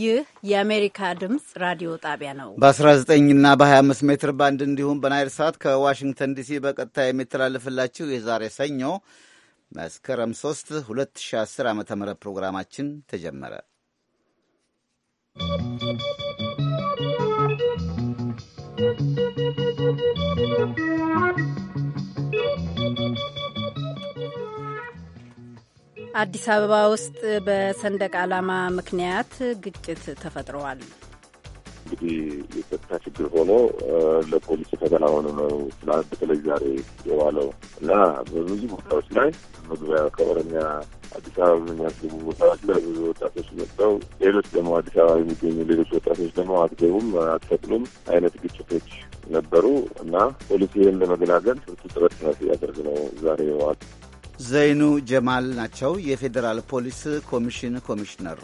ይህ የአሜሪካ ድምፅ ራዲዮ ጣቢያ ነው። በ19 እና በ25 ሜትር ባንድ እንዲሁም በናይል ሰዓት ከዋሽንግተን ዲሲ በቀጥታ የሚተላለፍላችሁ የዛሬ ሰኞ መስከረም 3 2010 ዓ ም ፕሮግራማችን ተጀመረ። ¶¶ አዲስ አበባ ውስጥ በሰንደቅ ዓላማ ምክንያት ግጭት ተፈጥረዋል። እንግዲህ የጸጥታ ችግር ሆኖ ለፖሊስ ፈተና ሆኖ ነው ትናንት በተለይ ዛሬ የዋለው እና በብዙ ቦታዎች ላይ መግቢያ ከኦሮሚያ አዲስ አበባ የሚያስገቡ ቦታዎች ላይ ብዙ ወጣቶች መጥተው፣ ሌሎች ደግሞ አዲስ አበባ የሚገኙ ሌሎች ወጣቶች ደግሞ አትገቡም፣ አትፈቅሉም አይነት ግጭቶች ነበሩ እና ፖሊስ ይህን ለመገናገል ብርቱ ጥረት ያደርግ ነው ዛሬ የዋለው። ዘይኑ ጀማል ናቸው። የፌዴራል ፖሊስ ኮሚሽን ኮሚሽነር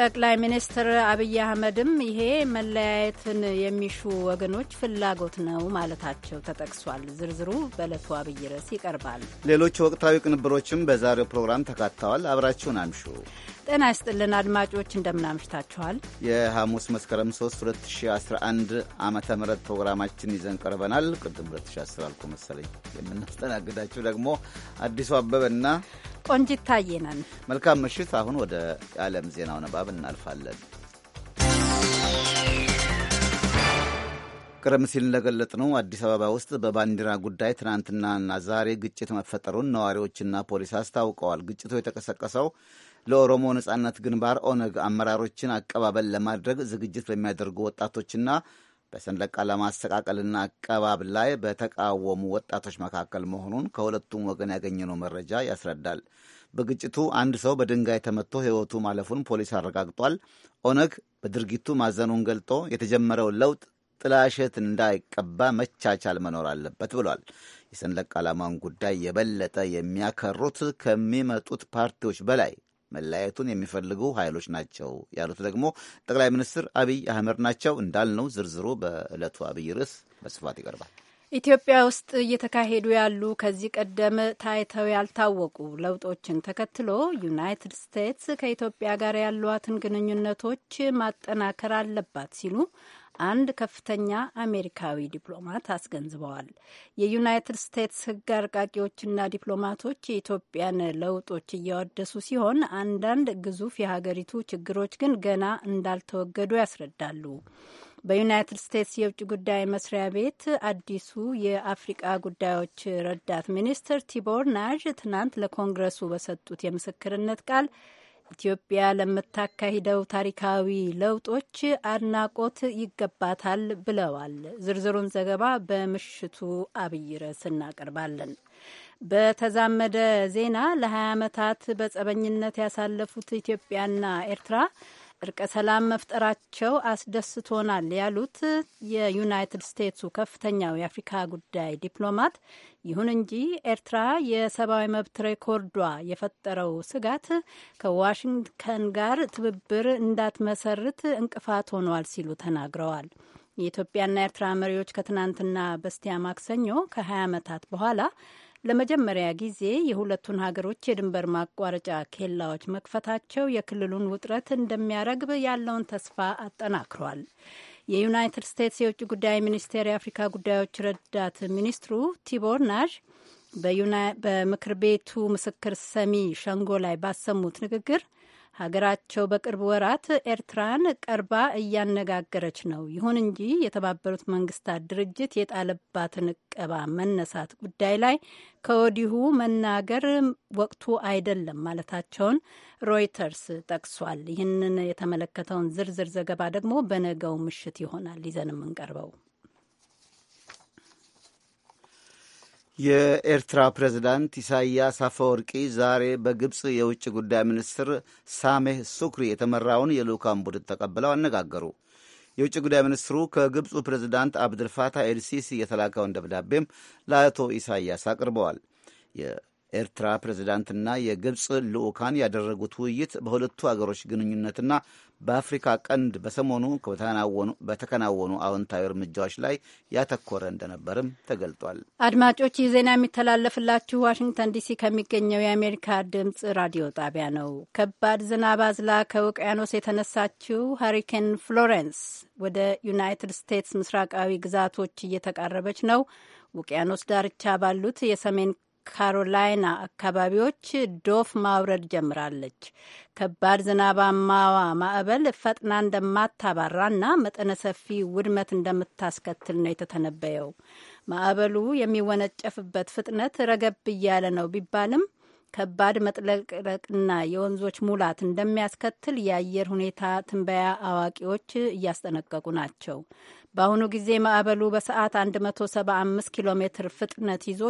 ጠቅላይ ሚኒስትር አብይ አህመድም ይሄ መለያየትን የሚሹ ወገኖች ፍላጎት ነው ማለታቸው ተጠቅሷል። ዝርዝሩ በዕለቱ አብይ ርዕስ ይቀርባል። ሌሎች ወቅታዊ ቅንብሮችም በዛሬው ፕሮግራም ተካተዋል። አብራችሁን አምሹ። ጤና ይስጥልን አድማጮች፣ እንደምናምሽታችኋል። የሐሙስ መስከረም 3 2011 ዓ ም ፕሮግራማችን ይዘን ቀርበናል። ቅድም 2010 አልኩ መሰለኝ። የምናስተናግዳችሁ ደግሞ አዲሱ አበበና ቆንጂት ነን። መልካም ምሽት። አሁን ወደ የዓለም ዜናው ንባብ እናልፋለን። ቀደም ሲል እንደገለጽነው አዲስ አበባ ውስጥ በባንዲራ ጉዳይ ትናንትናና ዛሬ ግጭት መፈጠሩን ነዋሪዎችና ፖሊስ አስታውቀዋል። ግጭቱ የተቀሰቀሰው ለኦሮሞ ነጻነት ግንባር ኦነግ አመራሮችን አቀባበል ለማድረግ ዝግጅት በሚያደርጉ ወጣቶችና በሰንደቅ ዓላማ አሰቃቀልና አቀባብ ላይ በተቃወሙ ወጣቶች መካከል መሆኑን ከሁለቱም ወገን ያገኘነው መረጃ ያስረዳል። በግጭቱ አንድ ሰው በድንጋይ ተመትቶ ሕይወቱ ማለፉን ፖሊስ አረጋግጧል። ኦነግ በድርጊቱ ማዘኑን ገልጦ የተጀመረው ለውጥ ጥላሸት እንዳይቀባ መቻቻል መኖር አለበት ብሏል። የሰንደቅ ዓላማውን ጉዳይ የበለጠ የሚያከሩት ከሚመጡት ፓርቲዎች በላይ መለያየቱን የሚፈልጉ ኃይሎች ናቸው ያሉት ደግሞ ጠቅላይ ሚኒስትር አብይ አህመድ ናቸው። እንዳልነው ዝርዝሩ በዕለቱ አብይ ርዕስ በስፋት ይቀርባል። ኢትዮጵያ ውስጥ እየተካሄዱ ያሉ ከዚህ ቀደም ታይተው ያልታወቁ ለውጦችን ተከትሎ ዩናይትድ ስቴትስ ከኢትዮጵያ ጋር ያሏትን ግንኙነቶች ማጠናከር አለባት ሲሉ አንድ ከፍተኛ አሜሪካዊ ዲፕሎማት አስገንዝበዋል። የዩናይትድ ስቴትስ ሕግ አርቃቂዎችና ዲፕሎማቶች የኢትዮጵያን ለውጦች እያወደሱ ሲሆን አንዳንድ ግዙፍ የሀገሪቱ ችግሮች ግን ገና እንዳልተወገዱ ያስረዳሉ። በዩናይትድ ስቴትስ የውጭ ጉዳይ መስሪያ ቤት አዲሱ የአፍሪቃ ጉዳዮች ረዳት ሚኒስትር ቲቦር ናዥ ትናንት ለኮንግረሱ በሰጡት የምስክርነት ቃል ኢትዮጵያ ለምታካሂደው ታሪካዊ ለውጦች አድናቆት ይገባታል ብለዋል። ዝርዝሩን ዘገባ በምሽቱ አብይ ርዕስ እናቀርባለን። በተዛመደ ዜና ለ20 ዓመታት በጸበኝነት ያሳለፉት ኢትዮጵያና ኤርትራ እርቀ ሰላም መፍጠራቸው አስደስቶናል ያሉት የዩናይትድ ስቴትሱ ከፍተኛው የአፍሪካ ጉዳይ ዲፕሎማት፣ ይሁን እንጂ ኤርትራ የሰብአዊ መብት ሬኮርዷ የፈጠረው ስጋት ከዋሽንግተን ጋር ትብብር እንዳትመሰርት እንቅፋት ሆኗል ሲሉ ተናግረዋል። የኢትዮጵያና ኤርትራ መሪዎች ከትናንትና በስቲያ ማክሰኞ ከ20 ዓመታት በኋላ ለመጀመሪያ ጊዜ የሁለቱን ሀገሮች የድንበር ማቋረጫ ኬላዎች መክፈታቸው የክልሉን ውጥረት እንደሚያረግብ ያለውን ተስፋ አጠናክሯል። የዩናይትድ ስቴትስ የውጭ ጉዳይ ሚኒስቴር የአፍሪካ ጉዳዮች ረዳት ሚኒስትሩ ቲቦር ናዥ በምክር ቤቱ ምስክር ሰሚ ሸንጎ ላይ ባሰሙት ንግግር ሀገራቸው በቅርብ ወራት ኤርትራን ቀርባ እያነጋገረች ነው። ይሁን እንጂ የተባበሩት መንግስታት ድርጅት የጣለባትን እቀባ መነሳት ጉዳይ ላይ ከወዲሁ መናገር ወቅቱ አይደለም ማለታቸውን ሮይተርስ ጠቅሷል። ይህንን የተመለከተውን ዝርዝር ዘገባ ደግሞ በነገው ምሽት ይሆናል ይዘን የምንቀርበው። የኤርትራ ፕሬዝዳንት ኢሳያስ አፈወርቂ ዛሬ በግብፅ የውጭ ጉዳይ ሚኒስትር ሳሜህ ሱክሪ የተመራውን የልዑካን ቡድን ተቀብለው አነጋገሩ። የውጭ ጉዳይ ሚኒስትሩ ከግብፁ ፕሬዝዳንት አብድልፋታህ ኤልሲሲ የተላከውን ደብዳቤም ለአቶ ኢሳያስ አቅርበዋል። የኤርትራ ፕሬዝዳንትና የግብፅ ልዑካን ያደረጉት ውይይት በሁለቱ አገሮች ግንኙነትና በአፍሪካ ቀንድ በሰሞኑ በተከናወኑ አዎንታዊ እርምጃዎች ላይ ያተኮረ እንደነበርም ተገልጧል። አድማጮች ይህ ዜና የሚተላለፍላችሁ ዋሽንግተን ዲሲ ከሚገኘው የአሜሪካ ድምፅ ራዲዮ ጣቢያ ነው። ከባድ ዝናብ አዝላ ከውቅያኖስ የተነሳችው ሃሪኬን ፍሎረንስ ወደ ዩናይትድ ስቴትስ ምስራቃዊ ግዛቶች እየተቃረበች ነው። ውቅያኖስ ዳርቻ ባሉት የሰሜን ካሮላይና አካባቢዎች ዶፍ ማውረድ ጀምራለች። ከባድ ዝናባማዋ ማዕበል ፈጥና እንደማታባራና መጠነ ሰፊ ውድመት እንደምታስከትል ነው የተተነበየው። ማዕበሉ የሚወነጨፍበት ፍጥነት ረገብ እያለ ነው ቢባልም ከባድ መጥለቅለቅና የወንዞች ሙላት እንደሚያስከትል የአየር ሁኔታ ትንበያ አዋቂዎች እያስጠነቀቁ ናቸው። በአሁኑ ጊዜ ማዕበሉ በሰዓት 175 ኪሎ ሜትር ፍጥነት ይዞ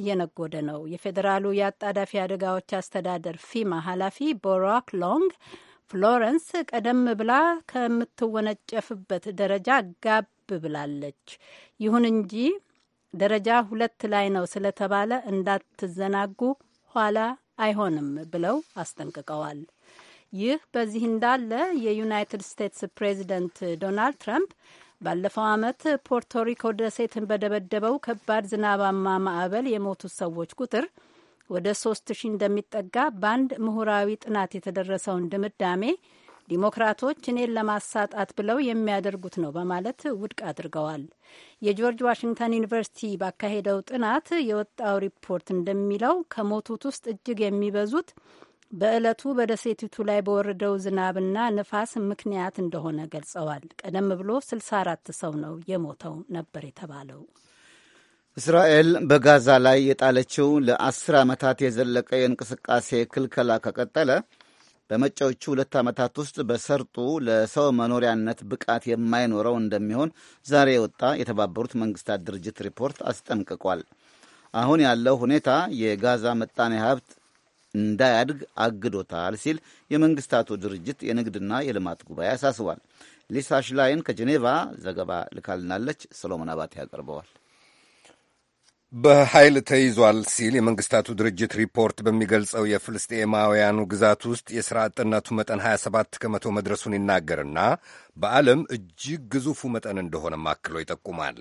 እየነጎደ ነው። የፌዴራሉ የአጣዳፊ አደጋዎች አስተዳደር ፊማ ኃላፊ ቦሮክ ሎንግ ፍሎረንስ ቀደም ብላ ከምትወነጨፍበት ደረጃ ጋብ ብላለች። ይሁን እንጂ ደረጃ ሁለት ላይ ነው ስለተባለ እንዳትዘናጉ ኋላ አይሆንም ብለው አስጠንቅቀዋል። ይህ በዚህ እንዳለ የዩናይትድ ስቴትስ ፕሬዚደንት ዶናልድ ትራምፕ ባለፈው ዓመት ፖርቶሪኮ ደሴትን በደበደበው ከባድ ዝናባማ ማዕበል የሞቱት ሰዎች ቁጥር ወደ ሶስት ሺህ እንደሚጠጋ በአንድ ምሁራዊ ጥናት የተደረሰውን ድምዳሜ ዲሞክራቶች እኔን ለማሳጣት ብለው የሚያደርጉት ነው በማለት ውድቅ አድርገዋል። የጆርጅ ዋሽንግተን ዩኒቨርሲቲ ባካሄደው ጥናት የወጣው ሪፖርት እንደሚለው ከሞቱት ውስጥ እጅግ የሚበዙት በዕለቱ በደሴቲቱ ላይ በወረደው ዝናብና ንፋስ ምክንያት እንደሆነ ገልጸዋል። ቀደም ብሎ 64 ሰው ነው የሞተው ነበር የተባለው። እስራኤል በጋዛ ላይ የጣለችው ለአስር ዓመታት የዘለቀ የእንቅስቃሴ ክልከላ ከቀጠለ በመጪዎቹ ሁለት ዓመታት ውስጥ በሰርጡ ለሰው መኖሪያነት ብቃት የማይኖረው እንደሚሆን ዛሬ የወጣ የተባበሩት መንግስታት ድርጅት ሪፖርት አስጠንቅቋል። አሁን ያለው ሁኔታ የጋዛ መጣኔ ሀብት እንዳያድግ አግዶታል ሲል የመንግስታቱ ድርጅት የንግድና የልማት ጉባኤ አሳስቧል። ሊሳ ሽላይን ከጄኔቫ ዘገባ ልካልናለች። ሰሎሞን አባቴ ያቀርበዋል። በኃይል ተይዟል ሲል የመንግስታቱ ድርጅት ሪፖርት በሚገልጸው የፍልስጤማውያኑ ግዛት ውስጥ የሥራ አጥነቱ መጠን 27 ከመቶ መድረሱን ይናገርና በዓለም እጅግ ግዙፉ መጠን እንደሆነም አክሎ ይጠቁማል።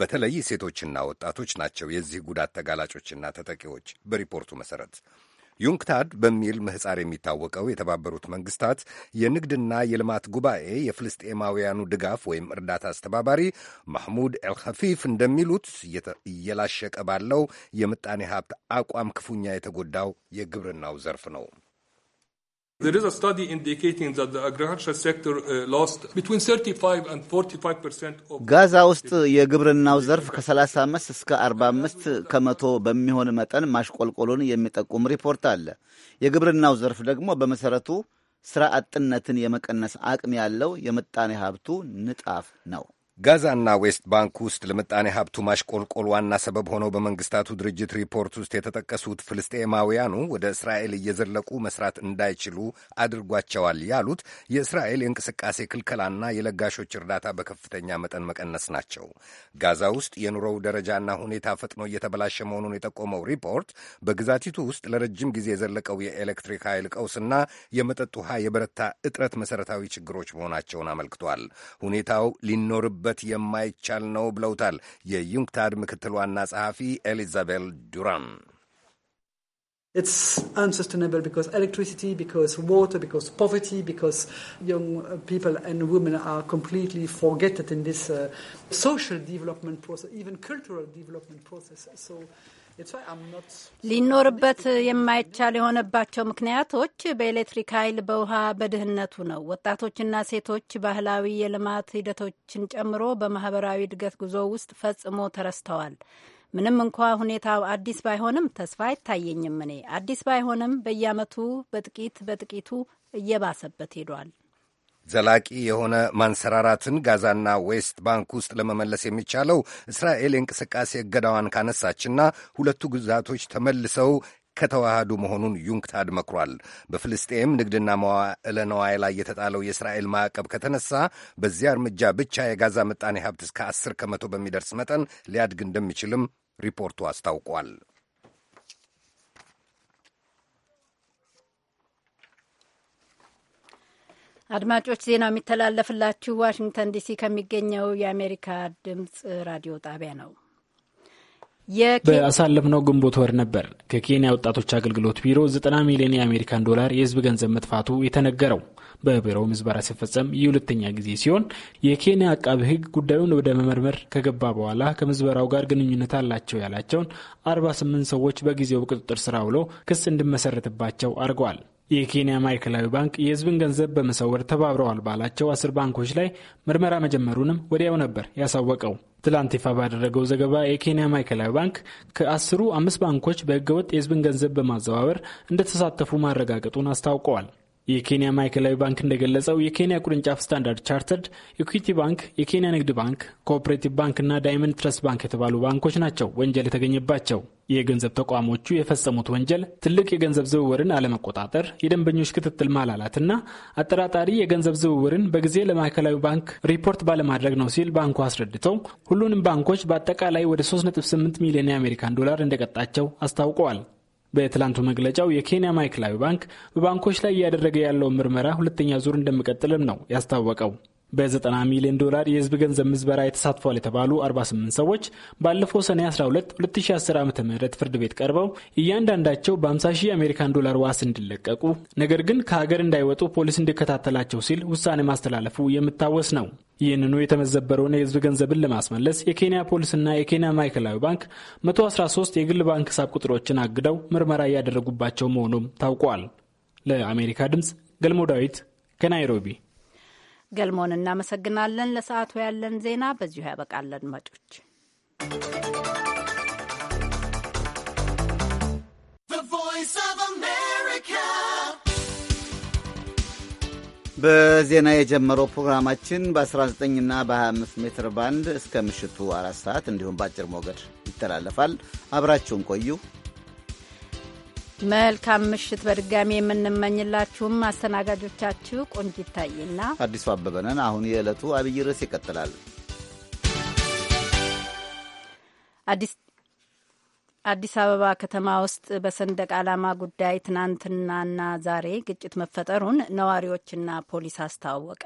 በተለይ ሴቶችና ወጣቶች ናቸው የዚህ ጉዳት ተጋላጮችና ተጠቂዎች በሪፖርቱ መሠረት። ዩንክታድ በሚል ምህፃር የሚታወቀው የተባበሩት መንግስታት የንግድና የልማት ጉባኤ የፍልስጤማውያኑ ድጋፍ ወይም እርዳታ አስተባባሪ ማህሙድ ኤልኸፊፍ እንደሚሉት እየላሸቀ ባለው የምጣኔ ሀብት አቋም ክፉኛ የተጎዳው የግብርናው ዘርፍ ነው። There is a study indicating that the agricultural sector uh, lost between 35 and 45% of ጋዛ ውስጥ የግብርናው ዘርፍ ከ35 እስከ 45 ከመቶ በሚሆን መጠን ማሽቆልቆሉን የሚጠቁም ሪፖርት አለ። የግብርናው ዘርፍ ደግሞ በመሰረቱ ስራ አጥነትን የመቀነስ አቅም ያለው የምጣኔ ሀብቱ ንጣፍ ነው። ጋዛና ዌስት ባንክ ውስጥ ለምጣኔ ሀብቱ ማሽቆልቆል ዋና ሰበብ ሆነው በመንግስታቱ ድርጅት ሪፖርት ውስጥ የተጠቀሱት ፍልስጤማውያኑ ወደ እስራኤል እየዘለቁ መስራት እንዳይችሉ አድርጓቸዋል ያሉት የእስራኤል የእንቅስቃሴ ክልከላና የለጋሾች እርዳታ በከፍተኛ መጠን መቀነስ ናቸው። ጋዛ ውስጥ የኑሮው ደረጃና ሁኔታ ፈጥኖ እየተበላሸ መሆኑን የጠቆመው ሪፖርት በግዛቲቱ ውስጥ ለረጅም ጊዜ የዘለቀው የኤሌክትሪክ ኃይል ቀውስና የመጠጥ ውሃ የበረታ እጥረት መሠረታዊ ችግሮች መሆናቸውን አመልክቷል። ሁኔታው ሊኖርብ ሊደረስበት የማይቻል ነው ብለውታል የዩንክታድ ምክትል ዋና ጸሐፊ ኤሊዛቤል ዱራን። It's unsustainable because electricity, because water, because poverty, because young people and women are completely forgotten in this uh, social development process, even cultural development process. So ሊኖርበት የማይቻል የሆነባቸው ምክንያቶች በኤሌክትሪክ ኃይል፣ በውሃ፣ በድህነቱ ነው። ወጣቶችና ሴቶች ባህላዊ የልማት ሂደቶችን ጨምሮ በማህበራዊ እድገት ጉዞ ውስጥ ፈጽሞ ተረስተዋል። ምንም እንኳ ሁኔታው አዲስ ባይሆንም ተስፋ አይታየኝም። እኔ አዲስ ባይሆንም በየዓመቱ በጥቂት በጥቂቱ እየባሰበት ሄዷል። ዘላቂ የሆነ ማንሰራራትን ጋዛና ዌስት ባንክ ውስጥ ለመመለስ የሚቻለው እስራኤል የእንቅስቃሴ እገዳዋን ካነሳችና ሁለቱ ግዛቶች ተመልሰው ከተዋሃዱ መሆኑን ዩንክታድ መክሯል። በፍልስጤም ንግድና መዋዕለ ነዋይ ላይ የተጣለው የእስራኤል ማዕቀብ ከተነሳ በዚያ እርምጃ ብቻ የጋዛ ምጣኔ ሀብት እስከ አስር ከመቶ በሚደርስ መጠን ሊያድግ እንደሚችልም ሪፖርቱ አስታውቋል። አድማጮች ዜናው የሚተላለፍላችሁ ዋሽንግተን ዲሲ ከሚገኘው የአሜሪካ ድምጽ ራዲዮ ጣቢያ ነው። በአሳለፍነው ግንቦት ወር ነበር ከኬንያ ወጣቶች አገልግሎት ቢሮ 90 ሚሊዮን የአሜሪካን ዶላር የህዝብ ገንዘብ መጥፋቱ የተነገረው። በቢሮው ምዝበራ ሲፈጸም ይህ ሁለተኛ ጊዜ ሲሆን የኬንያ አቃቢ ህግ ጉዳዩን ወደ መመርመር ከገባ በኋላ ከምዝበራው ጋር ግንኙነት አላቸው ያላቸውን 48 ሰዎች በጊዜው ቁጥጥር ስር አውሎ ክስ እንዲመሰረትባቸው አድርገዋል። የኬንያ ማዕከላዊ ባንክ የህዝብን ገንዘብ በመሰወር ተባብረዋል ባላቸው አስር ባንኮች ላይ ምርመራ መጀመሩንም ወዲያው ነበር ያሳወቀው። ትላንት ይፋ ባደረገው ዘገባ የኬንያ ማዕከላዊ ባንክ ከአስሩ አምስት ባንኮች በህገወጥ የህዝብን ገንዘብ በማዘዋወር እንደተሳተፉ ማረጋገጡን አስታውቀዋል። የኬንያ ማዕከላዊ ባንክ እንደገለጸው የኬንያ ቅርንጫፍ ስታንዳርድ ቻርተርድ፣ ኢኩዊቲ ባንክ፣ የኬንያ ንግድ ባንክ፣ ኮኦፕሬቲቭ እና ዳይመንድ ትረስት ባንክ የተባሉ ባንኮች ናቸው ወንጀል የተገኘባቸው። የገንዘብ ተቋሞቹ የፈጸሙት ወንጀል ትልቅ የገንዘብ ዝውውርን አለመቆጣጠር፣ የደንበኞች ክትትል ማላላትና አጠራጣሪ የገንዘብ ዝውውርን በጊዜ ለማዕከላዊ ባንክ ሪፖርት ባለማድረግ ነው ሲል ባንኩ አስረድተው ሁሉንም ባንኮች በአጠቃላይ ወደ 3.8 ሚሊዮን የአሜሪካን ዶላር እንደቀጣቸው አስታውቀዋል። በትላንቱ መግለጫው የኬንያ ማዕከላዊ ባንክ በባንኮች ላይ እያደረገ ያለውን ምርመራ ሁለተኛ ዙር እንደሚቀጥልም ነው ያስታወቀው። በ90 ሚሊዮን ዶላር የህዝብ ገንዘብ ምዝበራ ተሳትፏል የተባሉ 48 ሰዎች ባለፈው ሰኔ 12 2010 ዓ ም ፍርድ ቤት ቀርበው እያንዳንዳቸው በ50 ሺህ አሜሪካን ዶላር ዋስ እንዲለቀቁ ነገር ግን ከሀገር እንዳይወጡ ፖሊስ እንዲከታተላቸው ሲል ውሳኔ ማስተላለፉ የሚታወስ ነው። ይህንኑ የተመዘበረውን የህዝብ ገንዘብን ለማስመለስ የኬንያ ፖሊስና የኬንያ ማዕከላዊ ባንክ 113 የግል ባንክ ሂሳብ ቁጥሮችን አግደው ምርመራ እያደረጉባቸው መሆኑም ታውቋል። ለአሜሪካ ድምፅ ገልሞ ዳዊት ከናይሮቢ። ገልሞን እናመሰግናለን። ለሰዓቱ ያለን ዜና በዚሁ ያበቃል። አድማጮች ቮይስ ኦፍ አሜሪካ በዜና የጀመረው ፕሮግራማችን በ19 እና በ25 ሜትር ባንድ እስከ ምሽቱ አራት ሰዓት እንዲሁም በአጭር ሞገድ ይተላለፋል። አብራችሁን ቆዩ። መልካም ምሽት በድጋሚ የምንመኝላችሁም አስተናጋጆቻችሁ ቆንጅ ይታይና አዲሱ አበበነን። አሁን የዕለቱ አብይ ርዕስ ይቀጥላል። አዲስ አዲስ አበባ ከተማ ውስጥ በሰንደቅ ዓላማ ጉዳይ ትናንትናና ዛሬ ግጭት መፈጠሩን ነዋሪዎችና ፖሊስ አስታወቀ።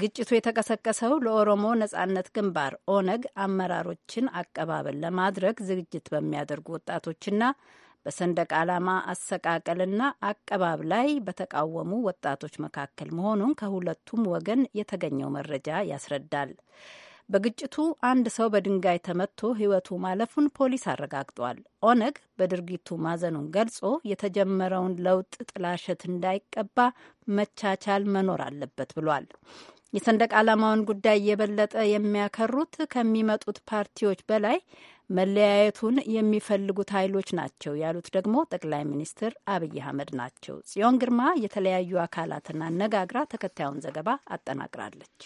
ግጭቱ የተቀሰቀሰው ለኦሮሞ ነጻነት ግንባር ኦነግ አመራሮችን አቀባበል ለማድረግ ዝግጅት በሚያደርጉ ወጣቶችና በሰንደቅ ዓላማ አሰቃቀልና አቀባብ ላይ በተቃወሙ ወጣቶች መካከል መሆኑን ከሁለቱም ወገን የተገኘው መረጃ ያስረዳል። በግጭቱ አንድ ሰው በድንጋይ ተመቶ ሕይወቱ ማለፉን ፖሊስ አረጋግጧል። ኦነግ በድርጊቱ ማዘኑን ገልጾ የተጀመረውን ለውጥ ጥላሸት እንዳይቀባ መቻቻል መኖር አለበት ብሏል። የሰንደቅ ዓላማውን ጉዳይ የበለጠ የሚያከሩት ከሚመጡት ፓርቲዎች በላይ መለያየቱን የሚፈልጉት ኃይሎች ናቸው ያሉት ደግሞ ጠቅላይ ሚኒስትር አብይ አህመድ ናቸው። ጽዮን ግርማ የተለያዩ አካላትን አነጋግራ ተከታዩን ዘገባ አጠናቅራለች።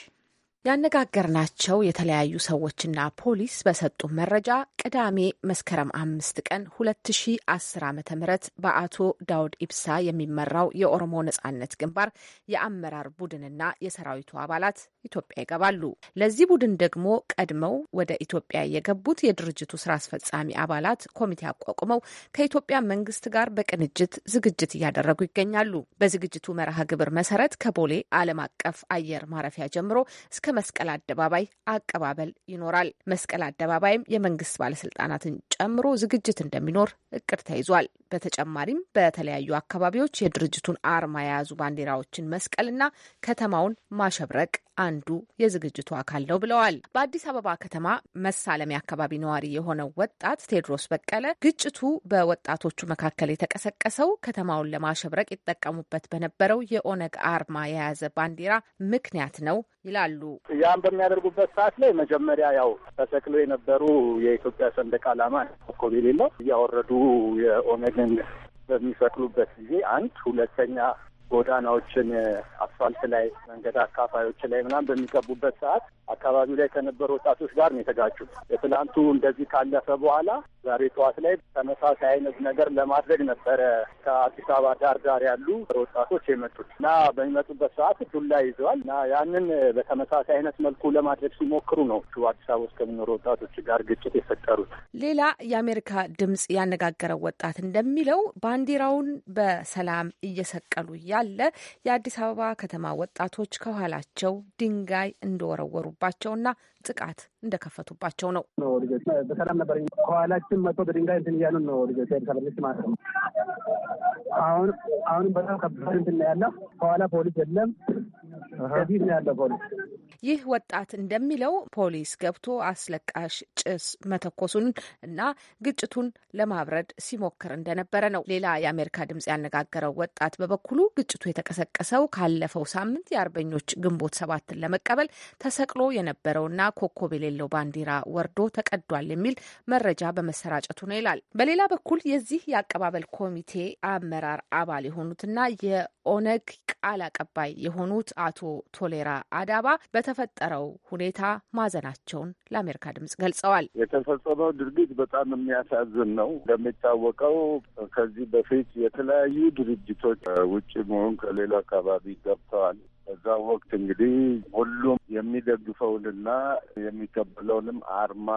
ያነጋገርናቸው የተለያዩ ሰዎችና ፖሊስ በሰጡ መረጃ ቅዳሜ መስከረም አምስት ቀን ሁለት ሺ አስር በአቶ ዳውድ ኢብሳ የሚመራው የኦሮሞ ነጻነት ግንባር የአመራር ቡድንና የሰራዊቱ አባላት ኢትዮጵያ ይገባሉ። ለዚህ ቡድን ደግሞ ቀድመው ወደ ኢትዮጵያ የገቡት የድርጅቱ ስራ አስፈጻሚ አባላት ኮሚቴ አቋቁመው ከኢትዮጵያ መንግስት ጋር በቅንጅት ዝግጅት እያደረጉ ይገኛሉ። በዝግጅቱ መርሃ ግብር መሰረት ከቦሌ ዓለም አቀፍ አየር ማረፊያ ጀምሮ እስከ ከመስቀል አደባባይ አቀባበል ይኖራል። መስቀል አደባባይም የመንግስት ባለስልጣናትን ጨምሮ ዝግጅት እንደሚኖር እቅድ ተይዟል። በተጨማሪም በተለያዩ አካባቢዎች የድርጅቱን አርማ የያዙ ባንዲራዎችን መስቀልና ከተማውን ማሸብረቅ አንዱ የዝግጅቱ አካል ነው ብለዋል። በአዲስ አበባ ከተማ መሳለሚያ አካባቢ ነዋሪ የሆነው ወጣት ቴድሮስ በቀለ ግጭቱ በወጣቶቹ መካከል የተቀሰቀሰው ከተማውን ለማሸብረቅ ይጠቀሙበት በነበረው የኦነግ አርማ የያዘ ባንዲራ ምክንያት ነው ይላሉ። ያን በሚያደርጉበት ሰዓት ላይ መጀመሪያ ያው ተሰቅሎ የነበሩ የኢትዮጵያ ሰንደቅ ዓላማ ኮብ የሌለው እያወረዱ የኦነግን በሚፈቅሉበት ጊዜ አንድ ሁለተኛ ጎዳናዎችን፣ አስፋልት ላይ መንገድ አካፋዮች ላይ ምናምን በሚቀቡበት ሰዓት አካባቢው ላይ ከነበሩ ወጣቶች ጋር ነው የተጋጩት። የትላንቱ እንደዚህ ካለፈ በኋላ ዛሬ ጠዋት ላይ ተመሳሳይ አይነት ነገር ለማድረግ ነበረ ከአዲስ አበባ ዳር ዳር ያሉ ወጣቶች የመጡት እና በሚመጡበት ሰዓት ዱላ ይዘዋል እና ያንን በተመሳሳይ አይነት መልኩ ለማድረግ ሲሞክሩ ነው አዲስ አበባ ውስጥ ከሚኖሩ ወጣቶች ጋር ግጭት የፈጠሩት። ሌላ የአሜሪካ ድምጽ ያነጋገረው ወጣት እንደሚለው ባንዲራውን በሰላም እየሰቀሉ ያ ያለ የአዲስ አበባ ከተማ ወጣቶች ከኋላቸው ድንጋይ እንደወረወሩባቸውና ጥቃት እንደከፈቱባቸው ነው። በሰላም ነበር ከኋላችን መጥቶ በድንጋይ እንትን እያሉን ነው። ልጆች አዲስ አበባ ልጅ ማለት ነው። አሁን አሁንም በጣም ከባድ እንትን ያለው። ከኋላ ፖሊስ የለም፣ ከዚህ ነው ያለው ፖሊስ ይህ ወጣት እንደሚለው ፖሊስ ገብቶ አስለቃሽ ጭስ መተኮሱን እና ግጭቱን ለማብረድ ሲሞክር እንደነበረ ነው። ሌላ የአሜሪካ ድምጽ ያነጋገረው ወጣት በበኩሉ ግጭቱ የተቀሰቀሰው ካለፈው ሳምንት የአርበኞች ግንቦት ሰባትን ለመቀበል ተሰቅሎ የነበረውና ኮከብ የሌለው ባንዲራ ወርዶ ተቀዷል የሚል መረጃ በመሰራጨቱ ነው ይላል። በሌላ በኩል የዚህ የአቀባበል ኮሚቴ አመራር አባል የሆኑትና የኦነግ ቃል አቀባይ የሆኑት አቶ ቶሌራ አዳባ በተፈጠረው ሁኔታ ማዘናቸውን ለአሜሪካ ድምጽ ገልጸዋል። የተፈጸመው ድርጊት በጣም የሚያሳዝን ነው። እንደሚታወቀው ከዚህ በፊት የተለያዩ ድርጅቶች ውጭ መሆን ከሌላ አካባቢ ገብተዋል። በዛ ወቅት እንግዲህ ሁሉም የሚደግፈውንና የሚቀበለውንም አርማ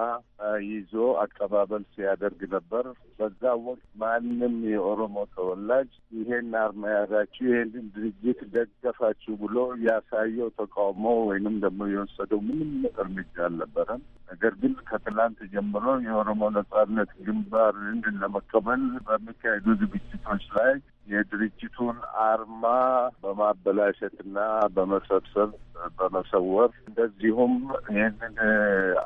ይዞ አቀባበል ሲያደርግ ነበር። በዛ ወቅት ማንም የኦሮሞ ተወላጅ ይሄን አርማ ያዛችሁ፣ ይሄንን ድርጅት ደገፋችሁ ብሎ ያሳየው ተቃውሞ ወይንም ደግሞ የወሰደው ምንም እርምጃ አልነበረም። ነገር ግን ከትላንት ጀምሮ የኦሮሞ ነጻነት ግንባር እንድን ለመቀበል በሚካሄዱ ዝግጅቶች ላይ የድርጅቱን አርማ በማበላሸትና በመሰብሰብ በመሰወር እንደዚሁም ይህንን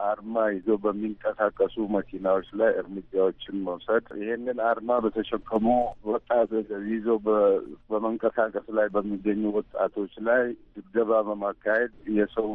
አርማ ይዘው በሚንቀሳቀሱ መኪናዎች ላይ እርምጃዎችን መውሰድ ይህንን አርማ በተሸከሙ ወጣት ይዘው በመንቀሳቀስ ላይ በሚገኙ ወጣቶች ላይ ድብደባ በማካሄድ የሰው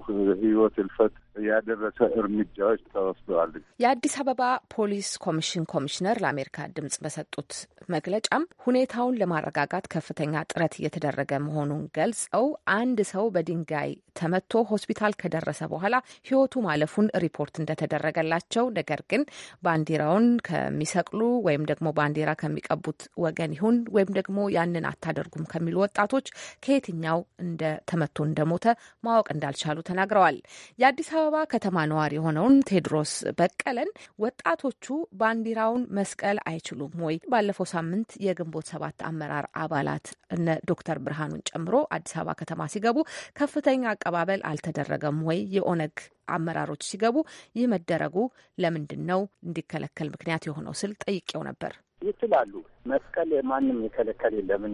ሕይወት እልፈት ያደረሰ እርምጃዎች ተወስደዋል። የአዲስ አበባ ፖሊስ ኮሚሽን ኮሚሽነር ለአሜሪካ ድምጽ በሰጡት መግለጫም ሁኔታውን ለማረጋጋት ከፍተኛ ጥረት እየተደረገ መሆኑን ገልጸው አንድ ሰው በድንጋይ ተመቶ ሆስፒታል ከደረሰ በኋላ ሕይወቱ ማለፉን ሪፖርት እንደተደረገላቸው ነገር ግን ባንዲራውን ከሚሰቅሉ ወይም ደግሞ ባንዲራ ከሚቀቡት ወገን ይሁን ወይም ደግሞ ያንን አታደርጉም ከሚሉ ወጣቶች ከየትኛው እንደ ተመቶ እንደሞተ ማወቅ እንዳልቻሉ ተናግረዋል። የአዲስ አበባ ከተማ ነዋሪ የሆነውን ቴድሮስ በቀለን ወጣቶቹ ባንዲራውን መስቀል አይችሉም ወይ? ባለፈው ሳምንት የግንቦት ሰባት አመራር አባላት እነ ዶክተር ብርሃኑን ጨምሮ አዲስ አበባ ከተማ ሲገቡ ከፍተኛ አቀባበል አልተደረገም ወይ? የኦነግ አመራሮች ሲገቡ ይህ መደረጉ ለምንድን ነው እንዲከለከል ምክንያት የሆነው ስል ጠይቄው ነበር። ይችላሉ መስቀል ማንም የከለከል የለም።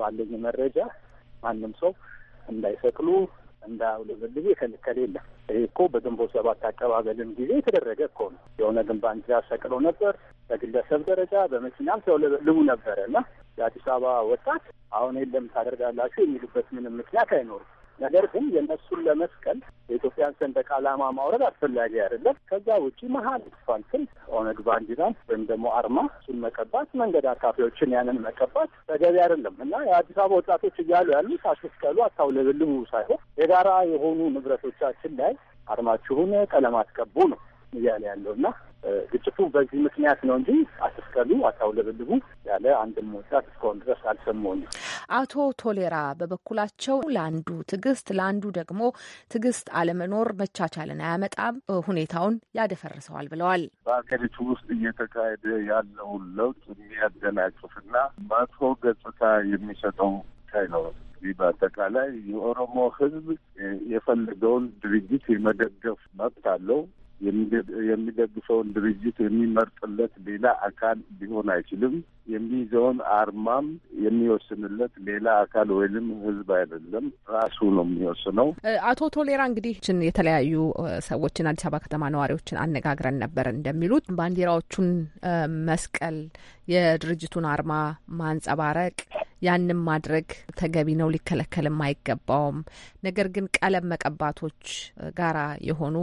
ባለኝ መረጃ ማንም ሰው እንዳይሰቅሉ እንዳውለበልብ የከለከለ የለም። ይህ እኮ በግንቦት ሰባት አቀባበልም ጊዜ የተደረገ እኮ ነው። የሆነ ግን ባንዲራ ሰቅለው ነበር፣ በግለሰብ ደረጃ በመኪናም ሲያውለበልቡ ነበረ እና የአዲስ አበባ ወጣት አሁን የለም ታደርጋላችሁ የሚሉበት ምንም ምክንያት አይኖርም። ነገር ግን የእነሱን ለመስቀል የኢትዮጵያን ሰንደቅ ዓላማ ማውረድ አስፈላጊ አይደለም። ከዛ ውጪ መሀል ስፋልክን ኦነግ ባንዲራን ወይም ደግሞ አርማ እሱን መቀባት መንገድ አካፊዎችን ያንን መቀባት ተገቢ አይደለም እና የአዲስ አበባ ወጣቶች እያሉ ያሉት አትስቀሉ፣ አታውለብልቡ ሳይሆን የጋራ የሆኑ ንብረቶቻችን ላይ አርማችሁን ቀለም አትቀቡ ነው እያለ ያለው እና ግጭቱ በዚህ ምክንያት ነው እንጂ አትስቀሉ፣ አታውለበልቡ ያለ አንድም ወጣት እስካሁን ድረስ አልሰማሁኝም። አቶ ቶሌራ በበኩላቸው ለአንዱ ትዕግስት ለአንዱ ደግሞ ትዕግስት አለመኖር መቻቻልን አያመጣም፣ ሁኔታውን ያደፈርሰዋል ብለዋል። በአገሪቱ ውስጥ እየተካሄደ ያለውን ለውጥ የሚያደናቅፍና መጥፎ ገጽታ የሚሰጠው ጉዳይ ነው። እዚህ በአጠቃላይ የኦሮሞ ሕዝብ የፈለገውን ድርጅት የመደገፍ መብት አለው። የሚደግፈውን ድርጅት የሚመርጥለት ሌላ አካል ሊሆን አይችልም። የሚይዘውን አርማም የሚወስንለት ሌላ አካል ወይም ህዝብ አይደለም፣ ራሱ ነው የሚወስነው። አቶ ቶሌራ እንግዲህ የተለያዩ ሰዎችን አዲስ አበባ ከተማ ነዋሪዎችን አነጋግረን ነበር። እንደሚሉት ባንዲራዎቹን መስቀል፣ የድርጅቱን አርማ ማንጸባረቅ ያንም ማድረግ ተገቢ ነው፣ ሊከለከልም አይገባውም። ነገር ግን ቀለም መቀባቶች ጋራ የሆኑ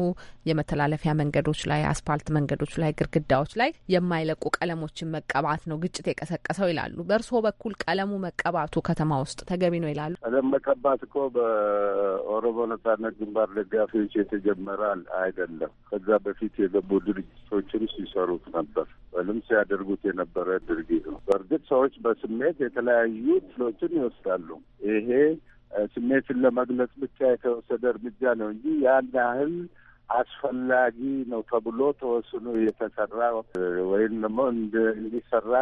የመተላለፊያ መንገዶች ላይ፣ አስፋልት መንገዶች ላይ፣ ግድግዳዎች ላይ የማይለቁ ቀለሞችን መቀባት ነው ግጭት የቀሰቀሰው ይላሉ። በእርስዎ በኩል ቀለሙ መቀባቱ ከተማ ውስጥ ተገቢ ነው ይላሉ? ቀለም መቀባት እኮ በኦሮሞ ነጻነት ግንባር ደጋፊዎች የተጀመረ አይደለም። ከዛ በፊት የገቡ ድርጅቶችም ሲሰሩት ነበር፣ በልም ሲያደርጉት የነበረ ድርጊት ነው። በእርግጥ ሰዎች በስሜት የተለያዩ እድሎችን ይወስዳሉ። ይሄ ስሜትን ለመግለጽ ብቻ የተወሰደ እርምጃ ነው እንጂ ያን ያህል አስፈላጊ ነው ተብሎ ተወስኖ የተሰራ ወይም ደግሞ እንዲሰራ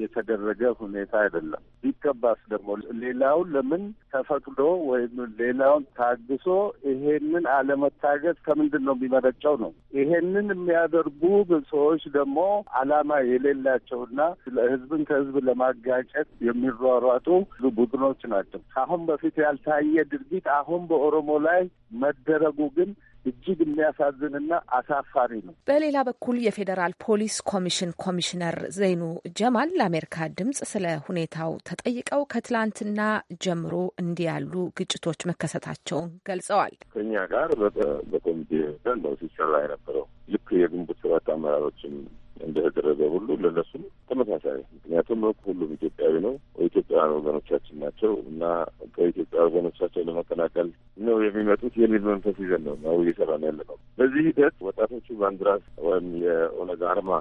የተደረገ ሁኔታ አይደለም። ቢቀባስ ደግሞ ሌላውን ለምን ተፈቅዶ ወይም ሌላውን ታግሶ ይሄንን አለመታገስ ከምንድን ነው የሚመረጨው ነው። ይሄንን የሚያደርጉ ሰዎች ደግሞ አላማ የሌላቸውና ህዝብን ከህዝብ ለማጋጨት የሚሯሯጡ ቡድኖች ናቸው። ከአሁን በፊት ያልታየ ድርጊት አሁን በኦሮሞ ላይ መደረጉ ግን እጅግ የሚያሳዝንና አሳፋሪ ነው። በሌላ በኩል የፌዴራል ፖሊስ ኮሚሽን ኮሚሽነር ዘይኑ ጀማል ለአሜሪካ ድምጽ ስለ ሁኔታው ተጠይቀው ከትላንትና ጀምሮ እንዲህ ያሉ ግጭቶች መከሰታቸውን ገልጸዋል። ከኛ ጋር በኮሚቴ ነው ሲሰራ የነበረው ልክ የግንቦት ሰባት አመራሮችን እንደተደረገ ሁሉ ለነሱም ተመሳሳይ። ምክንያቱም ሁሉም ኢትዮጵያዊ ነው፣ ኢትዮጵያውያን ወገኖቻችን ናቸው እና ከኢትዮጵያ ወገኖቻቸው ለመቀላቀል ነው የሚመጡት የሚል መንፈስ ይዘን ነው ነው እየሰራ ነው ያለ ነው። በዚህ ሂደት ወጣቶቹ ባንዲራ ወይም የኦነግ አርማ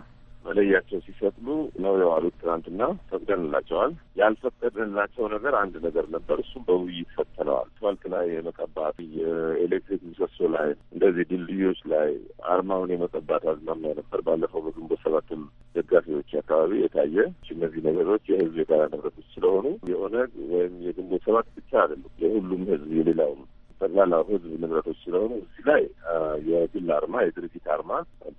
መለያቸው ሲሰጥሉ ነው የዋሉት። ትናንትና ፈቅደንላቸዋል። ያልፈቀድንላቸው ነገር አንድ ነገር ነበር። እሱም በውይይት ፈተነዋል። አስፋልት ላይ የመቀባት የኤሌክትሪክ ምሰሶ ላይ እንደዚህ ድልድዮች ላይ አርማውን የመቀባት አዝማሚያ ነበር። ባለፈው በግንቦት ሰባትም ደጋፊዎች አካባቢ የታየ እነዚህ ነገሮች የህዝብ የጋራ ንብረቶች ስለሆኑ የኦነግ ወይም የግንቦት ሰባት ብቻ አይደሉም። የሁሉም ህዝብ የሌላውም ጠቅላላው ህዝብ ንብረቶች ስለሆኑ እዚህ ላይ የግል አርማ የድርጅት አርማ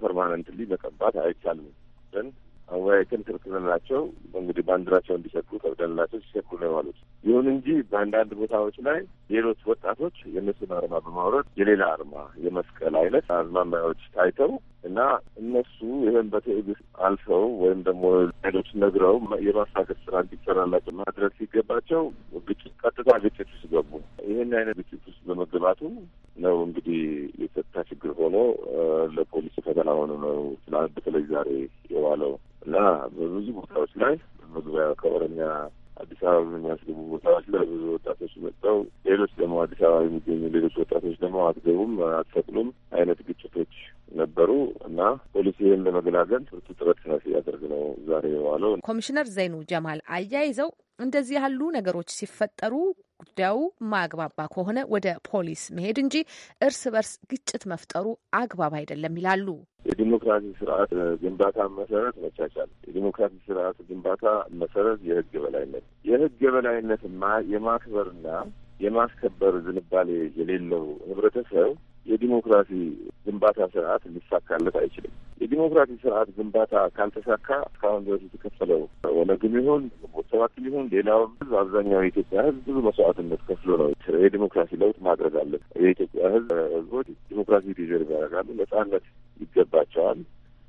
ፐርማነንትሊ መቀባት አይቻልም። ሰጥተን አወያይተን ክርክርናቸው እንግዲህ ባንዲራቸው እንዲሰጡ ፈቅደንላቸው ሲሰጡ ነው የዋሉት። ይሁን እንጂ በአንዳንድ ቦታዎች ላይ ሌሎች ወጣቶች የእነሱን አርማ በማውረድ የሌላ አርማ የመስቀል አይነት አዝማሚያዎች ታይተው እና እነሱ ይህን በትዕግስት አልፈው ወይም ደግሞ ሌሎች ነግረው የማስታገስ ስራ እንዲሰራላቸው ማድረግ ሲገባቸው ግጭት ቀጥታ ግጭት ውስጥ ገቡ። ይህን አይነት ግጭት ውስጥ በመግባቱ ነው እንግዲህ የጸጥታ ችግር ሆኖ ለፖሊስ ፈተና ሆኖ ነው ትናንት በተለይ ዛሬ የዋለው እና በብዙ ቦታዎች ላይ መግቢያ ከኦሮሚያ አዲስ አበባ በሚያስገቡ ቦታዎች ለብዙ ወጣቶች መጥተው ሌሎች ደግሞ አዲስ አበባ የሚገኙ ሌሎች ወጣቶች ደግሞ አትገቡም፣ አትፈቅሉም አይነት ግጭቶች ነበሩ እና ፖሊሲ ይህን ለመገላገል ብርቱ ጥረት ሰፊ ያደርግ ነው ዛሬ የዋለው። ኮሚሽነር ዘይኑ ጀማል አያይዘው እንደዚህ ያሉ ነገሮች ሲፈጠሩ ጉዳዩ ማግባባ ከሆነ ወደ ፖሊስ መሄድ እንጂ እርስ በርስ ግጭት መፍጠሩ አግባብ አይደለም ይላሉ። የዲሞክራሲ ስርዓት ግንባታ መሰረት መቻቻል፣ የዲሞክራሲ ስርዓት ግንባታ መሰረት የህግ የበላይነት፣ የህግ የበላይነት የማክበርና የማስከበር ዝንባሌ የሌለው ህብረተሰብ የዲሞክራሲ ግንባታ ስርዓት ሊሳካለት አይችልም። የዲሞክራሲ ስርዓት ግንባታ ካልተሳካ እስካሁን ድረስ የተከፈለው ወለግም ይሁን ሰባት ይሁን ሌላው ህዝብ አብዛኛው የኢትዮጵያ ህዝብ ብዙ መስዋዕትነት ከፍሎ ነው የዲሞክራሲ ለውጥ ማድረግ አለን። የኢትዮጵያ ህዝብ ህዝቦች ዲሞክራሲ ዲዘርቭ ያደርጋሉ። ነጻነት ይገባቸዋል፣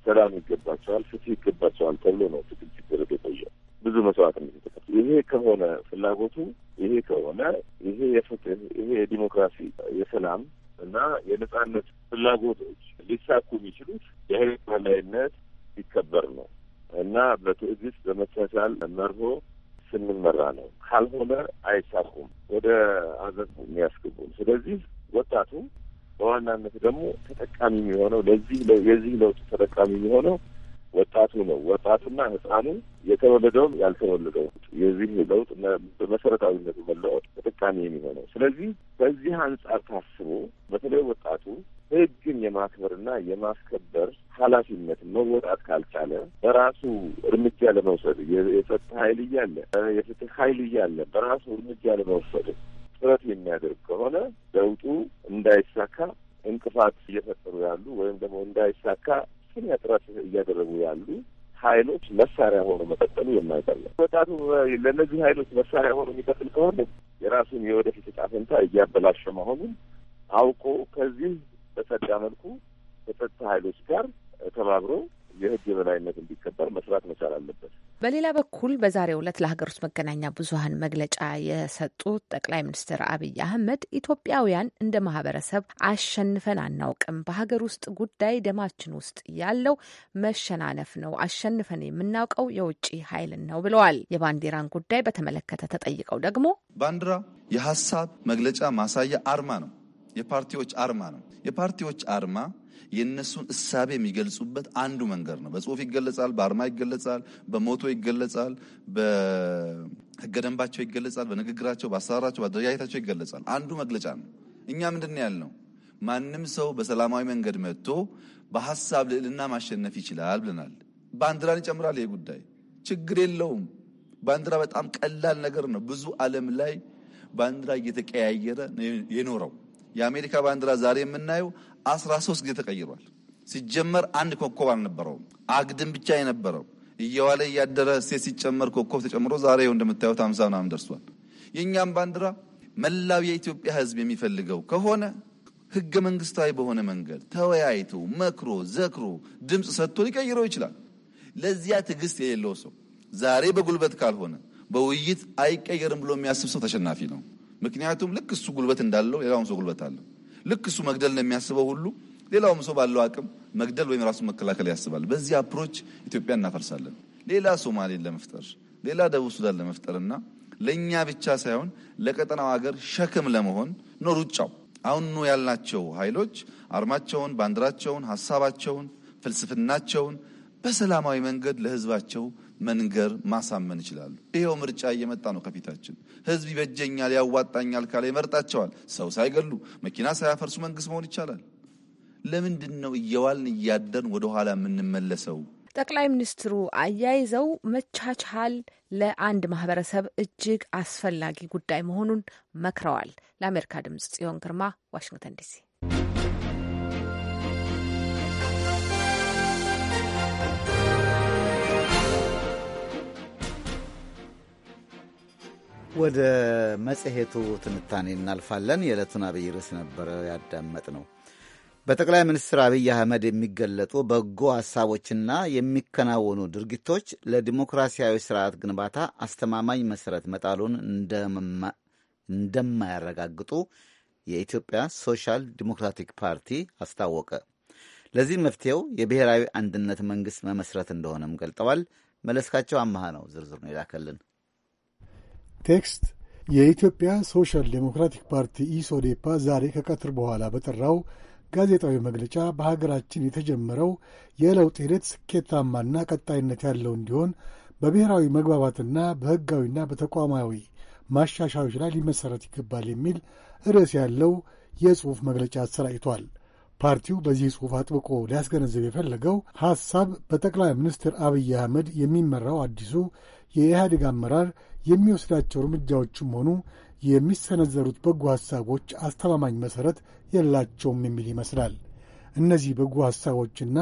ሰላም ይገባቸዋል፣ ፍትህ ይገባቸዋል ተብሎ ነው ትግል ሲደረግ የቆየ ብዙ መስዋዕትነት የተከፈለ ይሄ ከሆነ ፍላጎቱ ይሄ ከሆነ ይሄ የፍትህ ይሄ የዲሞክራሲ የሰላም እና የነጻነት ፍላጎቶች ሊሳኩ የሚችሉት የህግ የበላይነት ሲከበር ነው እና በትዕግስት በመቻቻል መርሆ ስንመራ ነው። ካልሆነ አይሳኩም፣ ወደ አዘን የሚያስገቡን። ስለዚህ ወጣቱ በዋናነት ደግሞ ተጠቃሚ የሚሆነው ለዚህ የዚህ ለውጥ ተጠቃሚ የሚሆነው ወጣቱ ነው። ወጣቱና ህፃኑ የተወለደውም ያልተወለደው የዚህ ለውጥ በመሰረታዊነቱ መለወጥ ተጠቃሚ የሚሆነው ስለዚህ በዚህ አንጻር ታስቦ በተለይ ወጣቱ ህግን የማክበርና የማስከበር ኃላፊነት መወጣት ካልቻለ በራሱ እርምጃ ለመውሰድ የጸጥታ ኃይል እያለ የፍትህ ኃይል እያለ በራሱ እርምጃ ለመውሰድ ጥረት የሚያደርግ ከሆነ ለውጡ እንዳይሳካ እንቅፋት እየፈጠሩ ያሉ ወይም ደግሞ እንዳይሳካ ከፍተኛ ጥረት እያደረጉ ያሉ ኃይሎች መሳሪያ ሆኖ መቀጠሉ የማይቀር ነው። ወጣቱ ለእነዚህ ኃይሎች መሳሪያ ሆኖ የሚቀጥል ከሆነ የራሱን የወደፊት ዕጣ ፈንታ እያበላሸ መሆኑን አውቆ ከዚህ በሰዳ መልኩ ከጸጥታ ኃይሎች ጋር ተባብሮ የህግ የበላይነት እንዲከበር መስራት መቻል አለበት። በሌላ በኩል በዛሬው ዕለት ለሀገር ውስጥ መገናኛ ብዙኃን መግለጫ የሰጡት ጠቅላይ ሚኒስትር አብይ አህመድ ኢትዮጵያውያን እንደ ማህበረሰብ አሸንፈን አናውቅም፣ በሀገር ውስጥ ጉዳይ ደማችን ውስጥ ያለው መሸናነፍ ነው፣ አሸንፈን የምናውቀው የውጭ ኃይልን ነው ብለዋል። የባንዲራን ጉዳይ በተመለከተ ተጠይቀው ደግሞ ባንዲራ የሀሳብ መግለጫ ማሳያ አርማ ነው የፓርቲዎች አርማ ነው። የፓርቲዎች አርማ የእነሱን እሳቤ የሚገልጹበት አንዱ መንገድ ነው። በጽሁፍ ይገለጻል፣ በአርማ ይገለጻል፣ በሞቶ ይገለጻል፣ በህገ ደንባቸው ይገለጻል፣ በንግግራቸው፣ በአሰራራቸው፣ በአደረጃጀታቸው ይገለጻል። አንዱ መግለጫ ነው። እኛ ምንድን ያልነው ማንም ሰው በሰላማዊ መንገድ መጥቶ በሀሳብ ልዕልና ማሸነፍ ይችላል ብለናል። ባንዲራን ይጨምራል። ይህ ጉዳይ ችግር የለውም። ባንዲራ በጣም ቀላል ነገር ነው። ብዙ ዓለም ላይ ባንዲራ እየተቀያየረ የኖረው የአሜሪካ ባንዲራ ዛሬ የምናየው አስራ ሶስት ጊዜ ተቀይሯል። ሲጀመር አንድ ኮከብ አልነበረውም። አግድም ብቻ የነበረው እየዋለ እያደረ ሴት ሲጨመር ኮከብ ተጨምሮ ዛሬ እንደምታዩት አምሳ ምናምን ደርሷል። የእኛም ባንዲራ መላው የኢትዮጵያ ሕዝብ የሚፈልገው ከሆነ ህገ መንግስታዊ በሆነ መንገድ ተወያይቶ መክሮ ዘክሮ ድምፅ ሰጥቶ ሊቀይረው ይችላል። ለዚያ ትዕግስት የሌለው ሰው ዛሬ በጉልበት ካልሆነ በውይይት አይቀየርም ብሎ የሚያስብ ሰው ተሸናፊ ነው። ምክንያቱም ልክ እሱ ጉልበት እንዳለው ሌላውም ሰው ጉልበት አለው። ልክ እሱ መግደል ነው የሚያስበው ሁሉ ሌላውም ሰው ባለው አቅም መግደል ወይም ራሱ መከላከል ያስባል። በዚህ አፕሮች ኢትዮጵያ እናፈርሳለን። ሌላ ሶማሌን ለመፍጠር ሌላ ደቡብ ሱዳን ለመፍጠርና ለእኛ ብቻ ሳይሆን ለቀጠናው ሀገር ሸክም ለመሆን ነው ሩጫው። አሁን ያልናቸው ኃይሎች አርማቸውን፣ ባንዲራቸውን፣ ሀሳባቸውን፣ ፍልስፍናቸውን በሰላማዊ መንገድ ለህዝባቸው መንገር፣ ማሳመን ይችላሉ። ይኸው ምርጫ እየመጣ ነው ከፊታችን። ህዝብ ይበጀኛል፣ ያዋጣኛል ካለ ይመርጣቸዋል። ሰው ሳይገሉ መኪና ሳያፈርሱ መንግስት መሆን ይቻላል። ለምንድን ነው እየዋልን እያደርን ወደኋላ የምንመለሰው? ጠቅላይ ሚኒስትሩ አያይዘው መቻቻል ለአንድ ማህበረሰብ እጅግ አስፈላጊ ጉዳይ መሆኑን መክረዋል። ለአሜሪካ ድምጽ ጽዮን ግርማ ዋሽንግተን ዲሲ ወደ መጽሔቱ ትንታኔ እናልፋለን። የዕለቱን አብይ ርዕስ ነበረ ያዳመጥ ነው። በጠቅላይ ሚኒስትር አብይ አህመድ የሚገለጡ በጎ ሐሳቦችና የሚከናወኑ ድርጊቶች ለዲሞክራሲያዊ ስርዓት ግንባታ አስተማማኝ መሠረት መጣሉን እንደማያረጋግጡ የኢትዮጵያ ሶሻል ዲሞክራቲክ ፓርቲ አስታወቀ። ለዚህ መፍትሄው የብሔራዊ አንድነት መንግሥት መመስረት እንደሆነም ገልጠዋል። መለስካቸው አመሃ ነው ዝርዝሩን የላከልን። ቴክስት የኢትዮጵያ ሶሻል ዴሞክራቲክ ፓርቲ ኢሶዴፓ ዛሬ ከቀትር በኋላ በጠራው ጋዜጣዊ መግለጫ በሀገራችን የተጀመረው የለውጥ ሂደት ስኬታማና ቀጣይነት ያለው እንዲሆን በብሔራዊ መግባባትና በሕጋዊና በተቋማዊ ማሻሻዮች ላይ ሊመሠረት ይገባል የሚል ርዕስ ያለው የጽሑፍ መግለጫ አሰራጭቷል። ፓርቲው በዚህ ጽሑፍ አጥብቆ ሊያስገነዝብ የፈለገው ሐሳብ በጠቅላይ ሚኒስትር አብይ አህመድ የሚመራው አዲሱ የኢህአዴግ አመራር የሚወስዳቸው እርምጃዎችም ሆኑ የሚሰነዘሩት በጎ ሐሳቦች አስተማማኝ መሠረት የላቸውም የሚል ይመስላል። እነዚህ በጎ ሐሳቦችና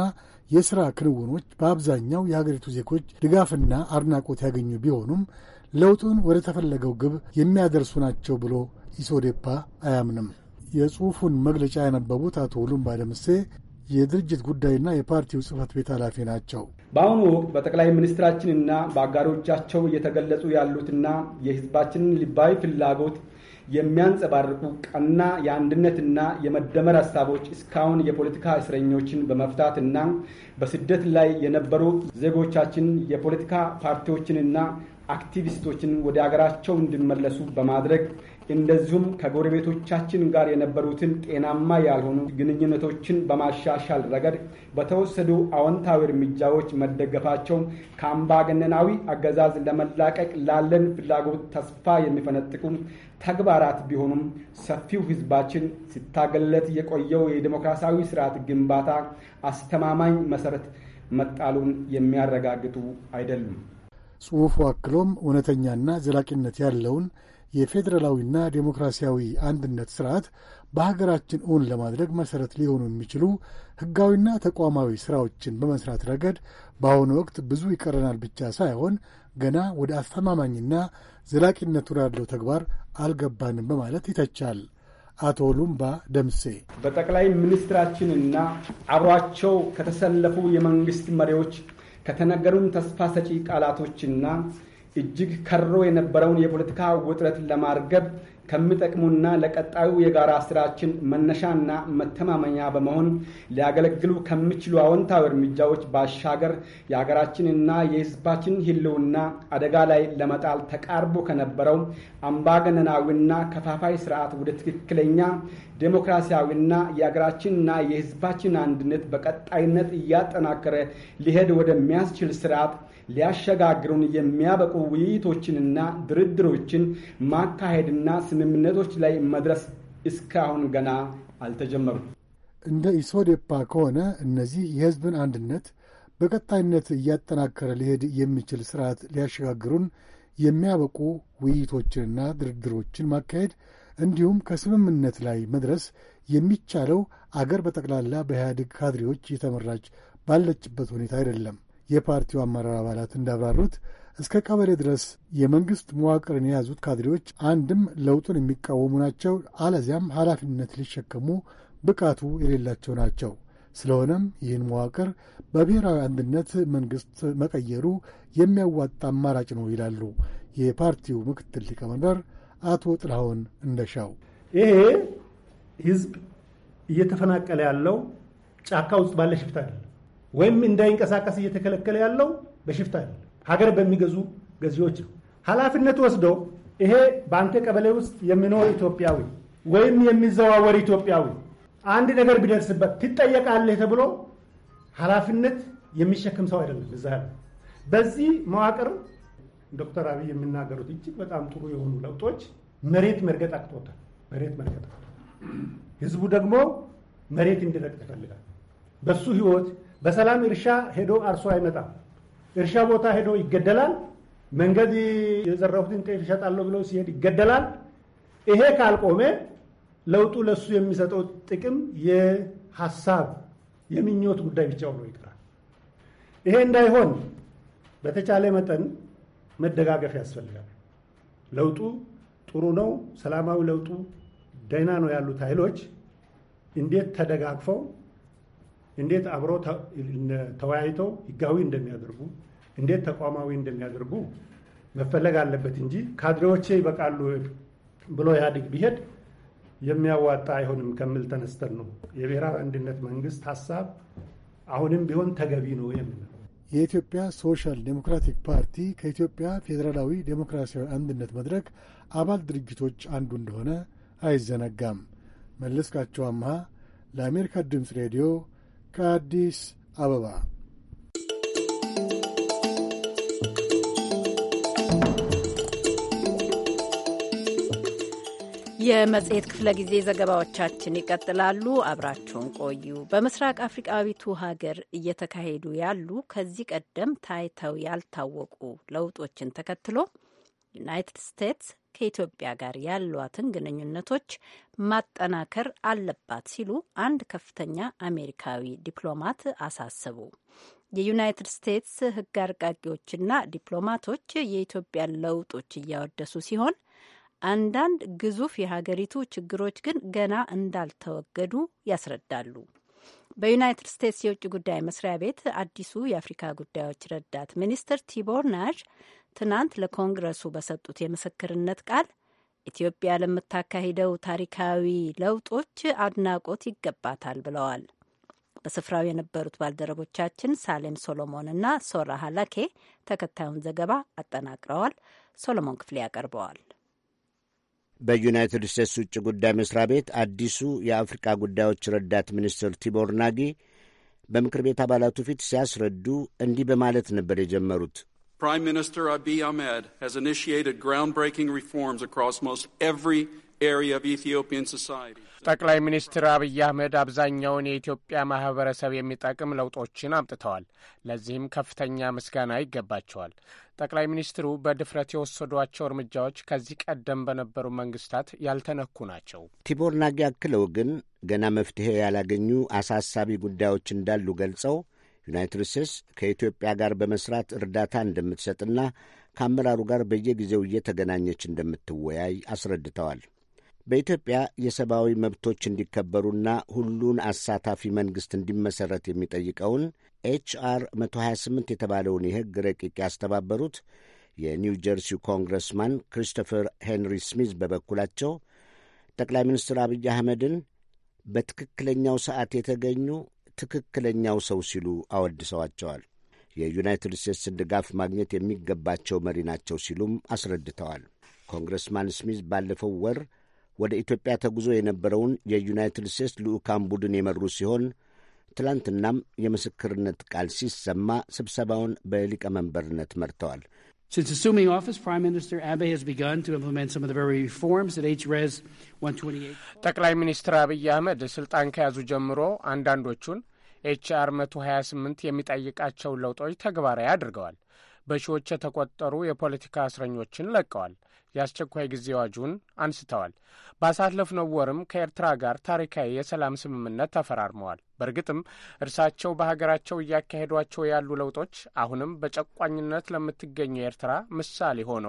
የሥራ ክንውኖች በአብዛኛው የሀገሪቱ ዜጎች ድጋፍና አድናቆት ያገኙ ቢሆኑም ለውጡን ወደ ተፈለገው ግብ የሚያደርሱ ናቸው ብሎ ኢሶዴፓ አያምንም። የጽሑፉን መግለጫ ያነበቡት አቶ ሁሉም ባለምሴ የድርጅት ጉዳይና የፓርቲው ጽህፈት ቤት ኃላፊ ናቸው። በአሁኑ ወቅት በጠቅላይ ሚኒስትራችንና በአጋሮቻቸው እየተገለጹ ያሉትና የህዝባችንን ልባዊ ፍላጎት የሚያንጸባርቁ ቀና የአንድነትና የመደመር ሀሳቦች እስካሁን የፖለቲካ እስረኞችን በመፍታትና በስደት ላይ የነበሩ ዜጎቻችን የፖለቲካ ፓርቲዎችንና አክቲቪስቶችን ወደ አገራቸው እንዲመለሱ በማድረግ እንደዚሁም ከጎረቤቶቻችን ጋር የነበሩትን ጤናማ ያልሆኑ ግንኙነቶችን በማሻሻል ረገድ በተወሰዱ አዎንታዊ እርምጃዎች መደገፋቸው ከአምባገነናዊ አገዛዝ ለመላቀቅ ላለን ፍላጎት ተስፋ የሚፈነጥቁ ተግባራት ቢሆኑም ሰፊው ሕዝባችን ሲታገለት የቆየው የዲሞክራሲያዊ ስርዓት ግንባታ አስተማማኝ መሰረት መጣሉን የሚያረጋግጡ አይደሉም። ጽሑፉ አክሎም እውነተኛና ዘላቂነት ያለውን የፌዴራላዊና ዴሞክራሲያዊ አንድነት ስርዓት በሀገራችን እውን ለማድረግ መሠረት ሊሆኑ የሚችሉ ሕጋዊና ተቋማዊ ሥራዎችን በመሥራት ረገድ በአሁኑ ወቅት ብዙ ይቀረናል ብቻ ሳይሆን ገና ወደ አስተማማኝና ዘላቂነቱ ያለው ተግባር አልገባንም በማለት ይተቻል። አቶ ሉምባ ደምሴ በጠቅላይ ሚኒስትራችንና አብሯቸው ከተሰለፉ የመንግሥት መሪዎች ከተነገሩን ተስፋ ሰጪ ቃላቶችና እጅግ ከሮ የነበረውን የፖለቲካ ውጥረት ለማርገብ ከሚጠቅሙና ለቀጣዩ የጋራ ስራችን መነሻና መተማመኛ በመሆን ሊያገለግሉ ከሚችሉ አዎንታዊ እርምጃዎች ባሻገር የሀገራችንና የሕዝባችን ሕልውና አደጋ ላይ ለመጣል ተቃርቦ ከነበረው አምባገነናዊና ከፋፋይ ስርዓት ወደ ትክክለኛ ዴሞክራሲያዊና የሀገራችንና የሕዝባችን አንድነት በቀጣይነት እያጠናከረ ሊሄድ ወደሚያስችል ስርዓት ሊያሸጋግሩን የሚያበቁ ውይይቶችንና ድርድሮችን ማካሄድና ስምምነቶች ላይ መድረስ እስካሁን ገና አልተጀመሩም። እንደ ኢሶዴፓ ከሆነ እነዚህ የህዝብን አንድነት በቀጣይነት እያጠናከረ ሊሄድ የሚችል ስርዓት ሊያሸጋግሩን የሚያበቁ ውይይቶችንና ድርድሮችን ማካሄድ እንዲሁም ከስምምነት ላይ መድረስ የሚቻለው አገር በጠቅላላ በኢህአዴግ ካድሬዎች እየተመራች ባለችበት ሁኔታ አይደለም። የፓርቲው አመራር አባላት እንዳብራሩት እስከ ቀበሌ ድረስ የመንግሥት መዋቅርን የያዙት ካድሬዎች አንድም ለውጡን የሚቃወሙ ናቸው፣ አለዚያም ኃላፊነት ሊሸከሙ ብቃቱ የሌላቸው ናቸው። ስለሆነም ይህን መዋቅር በብሔራዊ አንድነት መንግሥት መቀየሩ የሚያዋጣ አማራጭ ነው ይላሉ የፓርቲው ምክትል ሊቀመንበር አቶ ጥላሁን እንደሻው። ይሄ ህዝብ እየተፈናቀለ ያለው ጫካ ውስጥ ባለ ሽፍታ አይደለም። ወይም እንዳይንቀሳቀስ እየተከለከለ ያለው በሽፍታ አይደለም፣ ሀገር በሚገዙ ገዢዎች ነው። ኃላፊነት ወስዶ ይሄ በአንተ ቀበሌ ውስጥ የሚኖር ኢትዮጵያዊ ወይም የሚዘዋወር ኢትዮጵያዊ አንድ ነገር ቢደርስበት ትጠየቃለህ ተብሎ ኃላፊነት የሚሸክም ሰው አይደለም እዛ ያለ በዚህ መዋቅር ዶክተር አብይ የሚናገሩት እጅግ በጣም ጥሩ የሆኑ ለውጦች መሬት መርገጥ አቅቶታል። መሬት መርገጥ ህዝቡ ደግሞ መሬት እንዲረግጥ ይፈልጋል። በሱ ህይወት በሰላም እርሻ ሄዶ አርሶ አይመጣም። እርሻ ቦታ ሄዶ ይገደላል። መንገድ የዘራሁትን ጤፍ ይሸጣለሁ ብሎ ሲሄድ ይገደላል። ይሄ ካልቆመ ለውጡ ለሱ የሚሰጠው ጥቅም የሀሳብ የምኞት ጉዳይ ብቻ ሆኖ ይቀራል። ይሄ እንዳይሆን በተቻለ መጠን መደጋገፍ ያስፈልጋል። ለውጡ ጥሩ ነው፣ ሰላማዊ ለውጡ ደህና ነው ያሉት ኃይሎች እንዴት ተደጋግፈው እንዴት አብሮ ተወያይተው ህጋዊ እንደሚያደርጉ እንዴት ተቋማዊ እንደሚያደርጉ መፈለግ አለበት እንጂ ካድሬዎቼ ይበቃሉ ብሎ ኢህአዴግ ቢሄድ የሚያዋጣ አይሆንም ከሚል ተነስተን ነው የብሔራዊ አንድነት መንግስት ሀሳብ አሁንም ቢሆን ተገቢ ነው የምንለው። የኢትዮጵያ ሶሻል ዴሞክራቲክ ፓርቲ ከኢትዮጵያ ፌዴራላዊ ዴሞክራሲያዊ አንድነት መድረክ አባል ድርጅቶች አንዱ እንደሆነ አይዘነጋም። መለስካቸው አምሃ ለአሜሪካ ድምፅ ሬዲዮ ከአዲስ አበባ የመጽሔት ክፍለ ጊዜ ዘገባዎቻችን ይቀጥላሉ። አብራችሁን ቆዩ። በምስራቅ አፍሪቃዊቱ ሀገር እየተካሄዱ ያሉ ከዚህ ቀደም ታይተው ያልታወቁ ለውጦችን ተከትሎ ዩናይትድ ስቴትስ ከኢትዮጵያ ጋር ያሏትን ግንኙነቶች ማጠናከር አለባት ሲሉ አንድ ከፍተኛ አሜሪካዊ ዲፕሎማት አሳሰቡ። የዩናይትድ ስቴትስ ሕግ አርቃቂዎችና ዲፕሎማቶች የኢትዮጵያን ለውጦች እያወደሱ ሲሆን አንዳንድ ግዙፍ የሀገሪቱ ችግሮች ግን ገና እንዳልተወገዱ ያስረዳሉ። በዩናይትድ ስቴትስ የውጭ ጉዳይ መስሪያ ቤት አዲሱ የአፍሪካ ጉዳዮች ረዳት ሚኒስትር ቲቦር ናዥ ትናንት ለኮንግረሱ በሰጡት የምስክርነት ቃል ኢትዮጵያ ለምታካሂደው ታሪካዊ ለውጦች አድናቆት ይገባታል ብለዋል። በስፍራው የነበሩት ባልደረቦቻችን ሳሌም ሶሎሞንና ሶራ ሀላኬ ተከታዩን ዘገባ አጠናቅረዋል። ሶሎሞን ክፍሌ ያቀርበዋል። በዩናይትድ ስቴትስ ውጭ ጉዳይ መስሪያ ቤት አዲሱ የአፍሪካ ጉዳዮች ረዳት ሚኒስትር ቲቦር ናጊ በምክር ቤት አባላቱ ፊት ሲያስረዱ እንዲህ በማለት ነበር የጀመሩት። Prime Minister Abiy Ahmed has initiated groundbreaking reforms across most every area of Ethiopian society. ጠቅላይ ሚኒስትር አብይ አህመድ አብዛኛውን የኢትዮጵያ ማህበረሰብ የሚጠቅም ለውጦችን አምጥተዋል። ለዚህም ከፍተኛ ምስጋና ይገባቸዋል። ጠቅላይ ሚኒስትሩ በድፍረት የወሰዷቸው እርምጃዎች ከዚህ ቀደም በነበሩ መንግስታት ያልተነኩ ናቸው። ቲቦር ናጊ አክለው ግን ገና መፍትሄ ያላገኙ አሳሳቢ ጉዳዮች እንዳሉ ገልጸው ዩናይትድ ስቴትስ ከኢትዮጵያ ጋር በመስራት እርዳታ እንደምትሰጥና ከአመራሩ ጋር በየጊዜው እየተገናኘች እንደምትወያይ አስረድተዋል። በኢትዮጵያ የሰብአዊ መብቶች እንዲከበሩና ሁሉን አሳታፊ መንግሥት እንዲመሠረት የሚጠይቀውን አር 128 የተባለውን የሕግ ረቂቅ ያስተባበሩት የኒው ጀርሲ ኮንግረስማን ክሪስቶፈር ሄንሪ ስሚዝ በበኩላቸው ጠቅላይ ሚኒስትር አብይ አህመድን በትክክለኛው ሰዓት የተገኙ ትክክለኛው ሰው ሲሉ አወድሰዋቸዋል። የዩናይትድ ስቴትስን ድጋፍ ማግኘት የሚገባቸው መሪ ናቸው ሲሉም አስረድተዋል። ኮንግረስማን ስሚዝ ባለፈው ወር ወደ ኢትዮጵያ ተጉዞ የነበረውን የዩናይትድ ስቴትስ ልዑካን ቡድን የመሩ ሲሆን ትላንትናም የምስክርነት ቃል ሲሰማ ስብሰባውን በሊቀመንበርነት መርተዋል። ጠቅላይ ሚኒስትር አብይ አህመድ ስልጣን ከያዙ ጀምሮ አንዳንዶቹን ኤችአር 128 የሚጠይቃቸውን ለውጦች ተግባራዊ አድርገዋል። በሺዎች የተቆጠሩ የፖለቲካ እስረኞችን ለቀዋል። የአስቸኳይ ጊዜ አዋጁን አንስተዋል። ባሳለፍነው ወርም ከኤርትራ ጋር ታሪካዊ የሰላም ስምምነት ተፈራርመዋል። በእርግጥም እርሳቸው በሀገራቸው እያካሄዷቸው ያሉ ለውጦች አሁንም በጨቋኝነት ለምትገኘው ኤርትራ ምሳሌ ሆኖ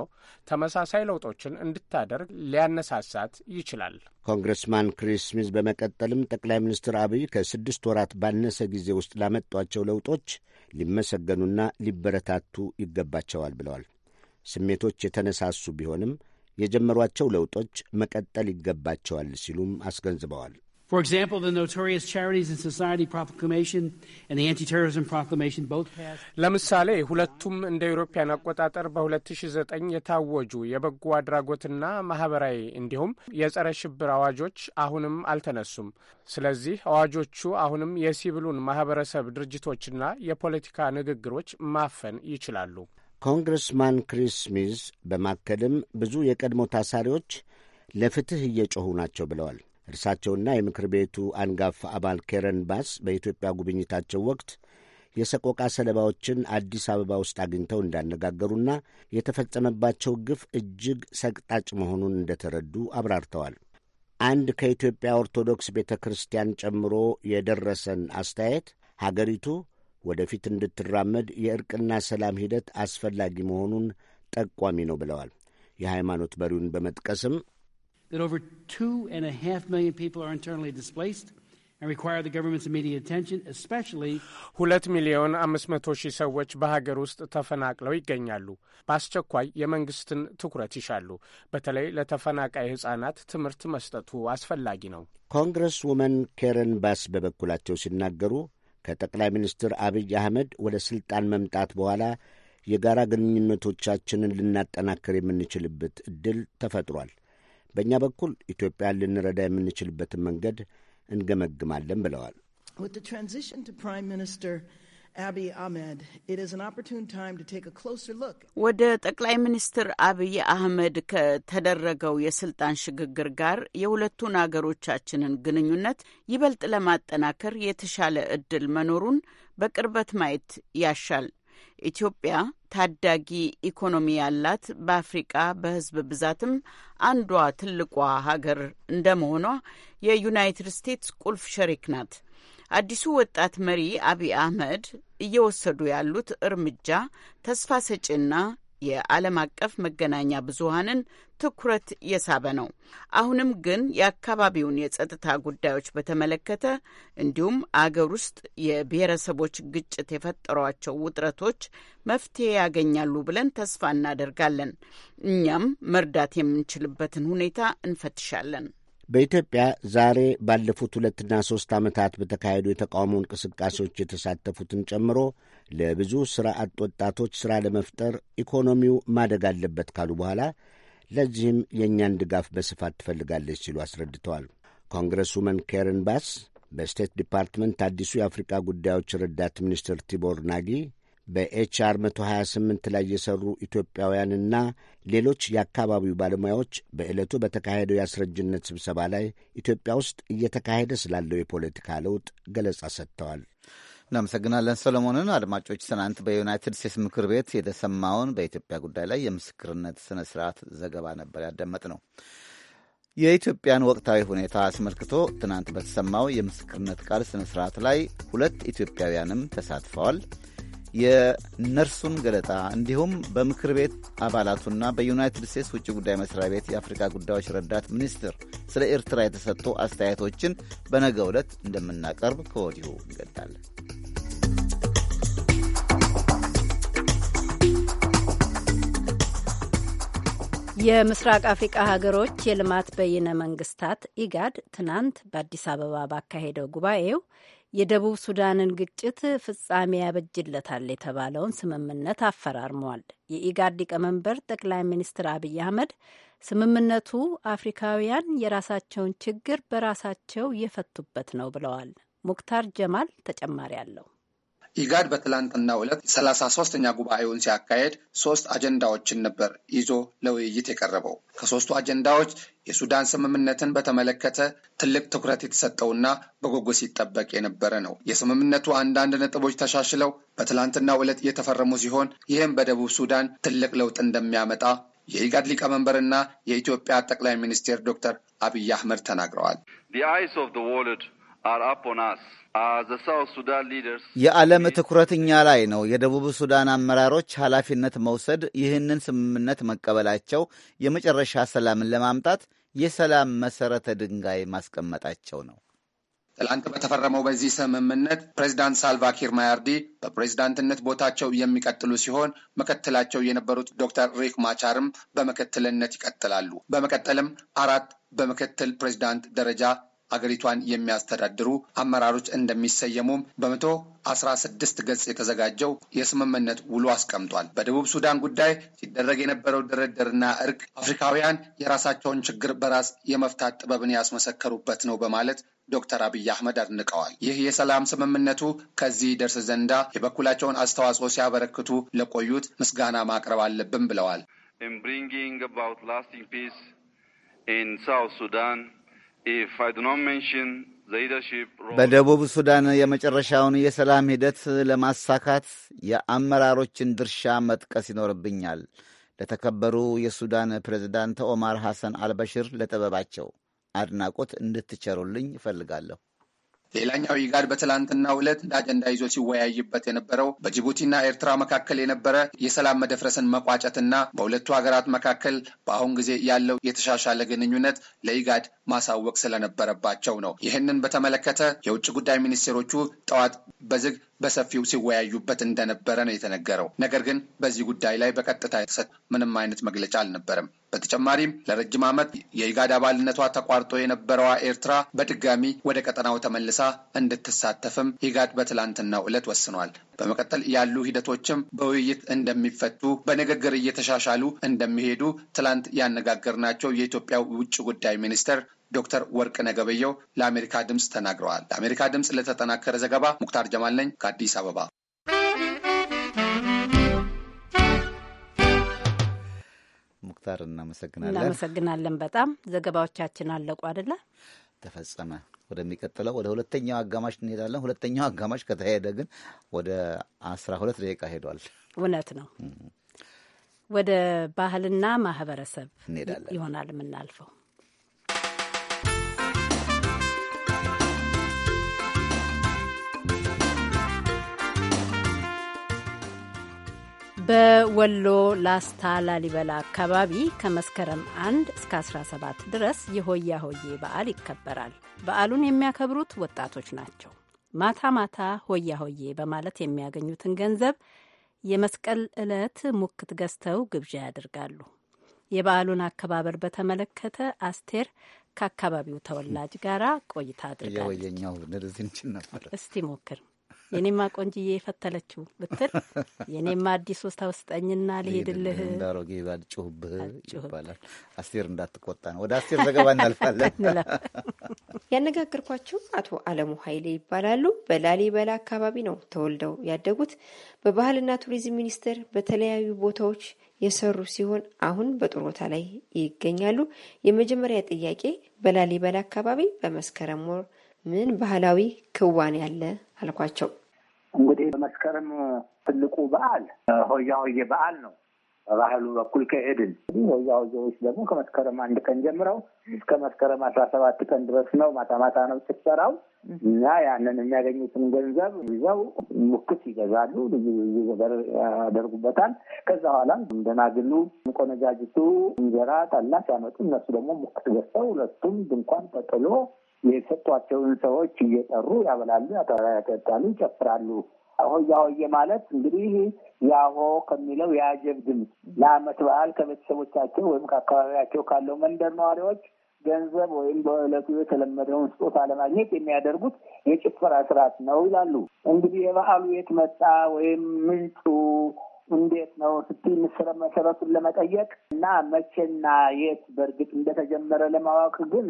ተመሳሳይ ለውጦችን እንድታደርግ ሊያነሳሳት ይችላል። ኮንግረስማን ክሪስ ስሚዝ በመቀጠልም ጠቅላይ ሚኒስትር አብይ ከስድስት ወራት ባነሰ ጊዜ ውስጥ ላመጧቸው ለውጦች ሊመሰገኑና ሊበረታቱ ይገባቸዋል ብለዋል። ስሜቶች የተነሳሱ ቢሆንም የጀመሯቸው ለውጦች መቀጠል ይገባቸዋል ሲሉም አስገንዝበዋል። For example, the Notorious Charities and Society Proclamation and the Anti-Terrorism Proclamation both passed. ለምሳሌ ሁለቱም እንደ ኢሮፓያን አቆጣጠር በ2009 የታወጁ የበጎ አድራጎትና ማህበራዊ እንዲሁም የጸረ ሽብር አዋጆች አሁንም አልተነሱም። ስለዚህ አዋጆቹ አሁንም የሲቪሉን ማህበረሰብ ድርጅቶችና የፖለቲካ ንግግሮች ማፈን ይችላሉ። ኮንግረስማን ክሪስ ሚዝ በማከልም ብዙ የቀድሞ ታሳሪዎች ለፍትህ እየጮኹ ናቸው ብለዋል። እርሳቸውና የምክር ቤቱ አንጋፋ አባል ኬረን ባስ በኢትዮጵያ ጉብኝታቸው ወቅት የሰቆቃ ሰለባዎችን አዲስ አበባ ውስጥ አግኝተው እንዳነጋገሩና የተፈጸመባቸው ግፍ እጅግ ሰቅጣጭ መሆኑን እንደተረዱ አብራርተዋል። አንድ ከኢትዮጵያ ኦርቶዶክስ ቤተ ክርስቲያን ጨምሮ የደረሰን አስተያየት ሀገሪቱ ወደፊት እንድትራመድ የእርቅና ሰላም ሂደት አስፈላጊ መሆኑን ጠቋሚ ነው ብለዋል። የሃይማኖት መሪውን በመጥቀስም that over two and a half million people are internally displaced. ሁለት ሚሊዮን አምስት መቶ ሺህ ሰዎች በሀገር ውስጥ ተፈናቅለው ይገኛሉ። በአስቸኳይ የመንግስትን ትኩረት ይሻሉ። በተለይ ለተፈናቃይ ሕጻናት ትምህርት መስጠቱ አስፈላጊ ነው። ኮንግረስ ውመን ኬረን ባስ በበኩላቸው ሲናገሩ ከጠቅላይ ሚኒስትር አብይ አህመድ ወደ ሥልጣን መምጣት በኋላ የጋራ ግንኙነቶቻችንን ልናጠናክር የምንችልበት ዕድል ተፈጥሯል በእኛ በኩል ኢትዮጵያን ልንረዳ የምንችልበትን መንገድ እንገመግማለን ብለዋል። ወደ ጠቅላይ ሚኒስትር አብይ አህመድ ከተደረገው የስልጣን ሽግግር ጋር የሁለቱን አገሮቻችንን ግንኙነት ይበልጥ ለማጠናከር የተሻለ እድል መኖሩን በቅርበት ማየት ያሻል። ኢትዮጵያ ታዳጊ ኢኮኖሚ ያላት በአፍሪቃ በህዝብ ብዛትም አንዷ ትልቋ ሀገር እንደመሆኗ የዩናይትድ ስቴትስ ቁልፍ ሸሪክ ናት። አዲሱ ወጣት መሪ አቢይ አህመድ እየወሰዱ ያሉት እርምጃ ተስፋ ሰጪና የዓለም አቀፍ መገናኛ ብዙሃንን ትኩረት የሳበ ነው። አሁንም ግን የአካባቢውን የጸጥታ ጉዳዮች በተመለከተ እንዲሁም አገር ውስጥ የብሔረሰቦች ግጭት የፈጠሯቸው ውጥረቶች መፍትሄ ያገኛሉ ብለን ተስፋ እናደርጋለን። እኛም መርዳት የምንችልበትን ሁኔታ እንፈትሻለን። በኢትዮጵያ ዛሬ ባለፉት ሁለትና ሶስት ዓመታት በተካሄዱ የተቃውሞ እንቅስቃሴዎች የተሳተፉትን ጨምሮ ለብዙ ሥራ አጥ ወጣቶች ሥራ ለመፍጠር ኢኮኖሚው ማደግ አለበት ካሉ በኋላ ለዚህም የእኛን ድጋፍ በስፋት ትፈልጋለች ሲሉ አስረድተዋል። ኮንግረስውመን ኬርን ባስ በስቴት ዲፓርትመንት አዲሱ የአፍሪካ ጉዳዮች ረዳት ሚኒስትር ቲቦር ናጊ በኤችአር 128 ላይ የሰሩ ኢትዮጵያውያንና ሌሎች የአካባቢው ባለሙያዎች በዕለቱ በተካሄደው የአስረጅነት ስብሰባ ላይ ኢትዮጵያ ውስጥ እየተካሄደ ስላለው የፖለቲካ ለውጥ ገለጻ ሰጥተዋል። እናመሰግናለን ሰለሞንን። አድማጮች ትናንት በዩናይትድ ስቴትስ ምክር ቤት የተሰማውን በኢትዮጵያ ጉዳይ ላይ የምስክርነት ስነ ስርዓት ዘገባ ነበር ያደመጥ ነው። የኢትዮጵያን ወቅታዊ ሁኔታ አስመልክቶ ትናንት በተሰማው የምስክርነት ቃል ስነ ስርዓት ላይ ሁለት ኢትዮጵያውያንም ተሳትፈዋል። የነርሱን ገለጣ እንዲሁም በምክር ቤት አባላቱና በዩናይትድ ስቴትስ ውጭ ጉዳይ መስሪያ ቤት የአፍሪካ ጉዳዮች ረዳት ሚኒስትር ስለ ኤርትራ የተሰጡ አስተያየቶችን በነገ ዕለት እንደምናቀርብ ከወዲሁ እንገዳለን። የምስራቅ አፍሪቃ ሀገሮች የልማት በይነ መንግስታት ኢጋድ ትናንት በአዲስ አበባ ባካሄደው ጉባኤው የደቡብ ሱዳንን ግጭት ፍጻሜ ያበጅለታል የተባለውን ስምምነት አፈራርመዋል። የኢጋድ ሊቀመንበር ጠቅላይ ሚኒስትር አብይ አህመድ ስምምነቱ አፍሪካውያን የራሳቸውን ችግር በራሳቸው የፈቱበት ነው ብለዋል። ሙክታር ጀማል ተጨማሪ አለው። ኢጋድ በትላንትና ዕለት ሰላሳ ሶስተኛ ጉባኤውን ሲያካሄድ ሶስት አጀንዳዎችን ነበር ይዞ ለውይይት የቀረበው። ከሶስቱ አጀንዳዎች የሱዳን ስምምነትን በተመለከተ ትልቅ ትኩረት የተሰጠውና በጉጉት ሲጠበቅ የነበረ ነው። የስምምነቱ አንዳንድ ነጥቦች ተሻሽለው በትላንትና ዕለት እየተፈረሙ ሲሆን ይህም በደቡብ ሱዳን ትልቅ ለውጥ እንደሚያመጣ የኢጋድ ሊቀመንበርና የኢትዮጵያ ጠቅላይ ሚኒስቴር ዶክተር አብይ አህመድ ተናግረዋል። የዓለም ትኩረት እኛ ላይ ነው። የደቡብ ሱዳን አመራሮች ኃላፊነት መውሰድ፣ ይህንን ስምምነት መቀበላቸው የመጨረሻ ሰላምን ለማምጣት የሰላም መሰረተ ድንጋይ ማስቀመጣቸው ነው። ትላንት በተፈረመው በዚህ ስምምነት ፕሬዚዳንት ሳልቫኪር ማያርዲ በፕሬዚዳንትነት ቦታቸው የሚቀጥሉ ሲሆን ምክትላቸው የነበሩት ዶክተር ሪክ ማቻርም በምክትልነት ይቀጥላሉ። በመቀጠልም አራት በምክትል ፕሬዚዳንት ደረጃ አገሪቷን የሚያስተዳድሩ አመራሮች እንደሚሰየሙም በመቶ አስራ ስድስት ገጽ የተዘጋጀው የስምምነት ውሉ አስቀምጧል። በደቡብ ሱዳን ጉዳይ ሲደረግ የነበረው ድርድርና እርቅ አፍሪካውያን የራሳቸውን ችግር በራስ የመፍታት ጥበብን ያስመሰከሩበት ነው በማለት ዶክተር አብይ አህመድ አድንቀዋል። ይህ የሰላም ስምምነቱ ከዚህ ደርስ ዘንዳ የበኩላቸውን አስተዋጽኦ ሲያበረክቱ ለቆዩት ምስጋና ማቅረብ አለብን ብለዋል። በደቡብ ሱዳን የመጨረሻውን የሰላም ሂደት ለማሳካት የአመራሮችን ድርሻ መጥቀስ ይኖርብኛል። ለተከበሩ የሱዳን ፕሬዝዳንት ኦማር ሐሰን አልበሽር ለጥበባቸው አድናቆት እንድትቸሩልኝ እፈልጋለሁ። ሌላኛው ኢጋድ በትላንትና ዕለት እንደ አጀንዳ ይዞ ሲወያይበት የነበረው በጅቡቲና ኤርትራ መካከል የነበረ የሰላም መደፍረስን መቋጨትና በሁለቱ ሀገራት መካከል በአሁን ጊዜ ያለው የተሻሻለ ግንኙነት ለኢጋድ ማሳወቅ ስለነበረባቸው ነው። ይህንን በተመለከተ የውጭ ጉዳይ ሚኒስቴሮቹ ጠዋት በዝግ በሰፊው ሲወያዩበት እንደነበረ ነው የተነገረው። ነገር ግን በዚህ ጉዳይ ላይ በቀጥታ የተሰጠ ምንም አይነት መግለጫ አልነበረም። በተጨማሪም ለረጅም ዓመት የኢጋድ አባልነቷ ተቋርጦ የነበረዋ ኤርትራ በድጋሚ ወደ ቀጠናው ተመልሳ እንድትሳተፍም ኢጋድ በትላንትናው ዕለት ወስኗል። በመቀጠል ያሉ ሂደቶችም በውይይት እንደሚፈቱ በንግግር እየተሻሻሉ እንደሚሄዱ ትላንት ያነጋገርናቸው የኢትዮጵያ ውጭ ጉዳይ ሚኒስትር ዶክተር ወርቅ ነገበየው ለአሜሪካ ድምፅ ተናግረዋል። ለአሜሪካ ድምፅ ለተጠናከረ ዘገባ ሙክታር ጀማል ነኝ ከአዲስ አበባ። ሙክታር እናመሰግናለን። እናመሰግናለን በጣም ዘገባዎቻችን አለቁ አደለ? ተፈጸመ። ወደሚቀጥለው ወደ ሁለተኛው አጋማሽ እንሄዳለን። ሁለተኛው አጋማሽ ከተሄደ ግን ወደ አስራ ሁለት ደቂቃ ሄዷል። እውነት ነው። ወደ ባህልና ማህበረሰብ እንሄዳለን ይሆናል የምናልፈው በወሎ ላስታ ላሊበላ አካባቢ ከመስከረም 1 እስከ 17 ድረስ የሆያ ሆዬ በዓል ይከበራል። በዓሉን የሚያከብሩት ወጣቶች ናቸው። ማታ ማታ ሆያ ሆዬ በማለት የሚያገኙትን ገንዘብ የመስቀል ዕለት ሙክት ገዝተው ግብዣ ያደርጋሉ። የበዓሉን አከባበር በተመለከተ አስቴር ከአካባቢው ተወላጅ ጋር ቆይታ አድርጋለች። እስቲ ሞክር የኔማ ቆንጅዬ የፈተለችው ብትል የኔማ አዲሱ ታውስጠኝና ልሄድልህ እንዳሮጌ ባልጩህብህ ይባላል። አስቴር እንዳትቆጣ ነው። ወደ አስቴር ዘገባ እናልፋለን። ያነጋገርኳቸው አቶ አለሙ ኃይሌ ይባላሉ። በላሊበላ አካባቢ ነው ተወልደው ያደጉት። በባህልና ቱሪዝም ሚኒስቴር በተለያዩ ቦታዎች የሰሩ ሲሆን አሁን ቦታ ላይ ይገኛሉ። የመጀመሪያ ጥያቄ በላሊበላ አካባቢ በመስከረም ወር ምን ባህላዊ ክዋኔ ያለ አልኳቸው። በመስከረም ትልቁ በዓል ሆያ ሆዬ በዓል ነው። በባህሉ በኩል ከሄድን ሆያ ሆዬዎች ደግሞ ከመስከረም አንድ ቀን ጀምረው እስከ መስከረም አስራ ሰባት ቀን ድረስ ነው። ማታ ማታ ነው ጭፈራው እና ያንን የሚያገኙትን ገንዘብ ይዘው ሙክት ይገዛሉ። ልዩ ልዩ ነገር ያደርጉበታል። ከዛ በኋላ ደናግሉ፣ ቆነጃጅቱ እንጀራ፣ ጠላ ሲያመጡ እነሱ ደግሞ ሙክት ገዝተው ሁለቱም ድንኳን ተጥሎ የሰጧቸውን ሰዎች እየጠሩ ያበላሉ፣ ያጠጣሉ፣ ይጨፍራሉ። ሆያ ሆዬ ማለት እንግዲህ ያሆ ከሚለው የአጀብ ድምፅ ለአመት በዓል ከቤተሰቦቻቸው ወይም ከአካባቢያቸው ካለው መንደር ነዋሪዎች ገንዘብ ወይም በዕለቱ የተለመደውን ስጦታ ለማግኘት የሚያደርጉት የጭፈራ ስርዓት ነው ይላሉ። እንግዲህ የበዓሉ የት መጣ ወይም ምንጩ እንዴት ነው ምስረ መሰረቱን ለመጠየቅ እና መቼና የት በእርግጥ እንደተጀመረ ለማወቅ ግን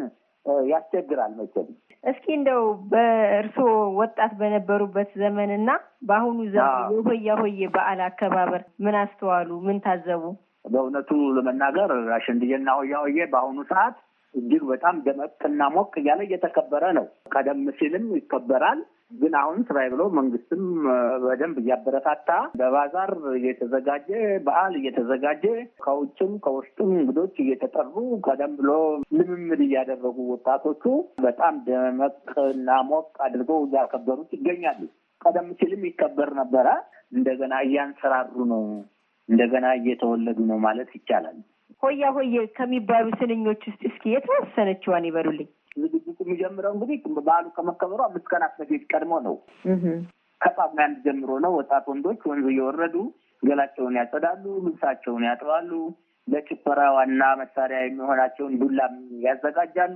ያስቸግራል መቼም። እስኪ እንደው በእርስዎ ወጣት በነበሩበት ዘመን እና በአሁኑ ዘመን የሆያ ሆዬ በዓል አከባበር ምን አስተዋሉ? ምን ታዘቡ? በእውነቱ ለመናገር አሸንድዬና ሆያ ሆዬ በአሁኑ ሰዓት እጅግ በጣም ደመቅና ሞቅ እያለ እየተከበረ ነው። ቀደም ሲልም ይከበራል። ግን አሁን ስራይ ብሎ መንግስትም በደንብ እያበረታታ በባዛር እየተዘጋጀ በዓል እየተዘጋጀ ከውጭም ከውስጡም እንግዶች እየተጠሩ ቀደም ብሎ ልምምድ እያደረጉ ወጣቶቹ በጣም ደመቅ ሞቅ አድርገው እያከበሩት ይገኛሉ። ቀደም ሲልም ይከበር ነበረ። እንደገና እያንሰራሩ ነው። እንደገና እየተወለዱ ነው ማለት ይቻላል። ሆያ ሆዬ ከሚባሉ ስንኞች ውስጥ እስኪ የተወሰነችዋን ይበሉልኝ። የሚጀምረው እንግዲህ በዓሉ ከመከበሩ አምስት ቀናት በፊት ቀድሞ ነው። ከጳጉሜ አንድ ጀምሮ ነው። ወጣት ወንዶች ወንዝ እየወረዱ ገላቸውን ያጸዳሉ፣ ልብሳቸውን ያጥባሉ፣ ለጭፈራ ዋና መሳሪያ የሚሆናቸውን ዱላም ያዘጋጃሉ፣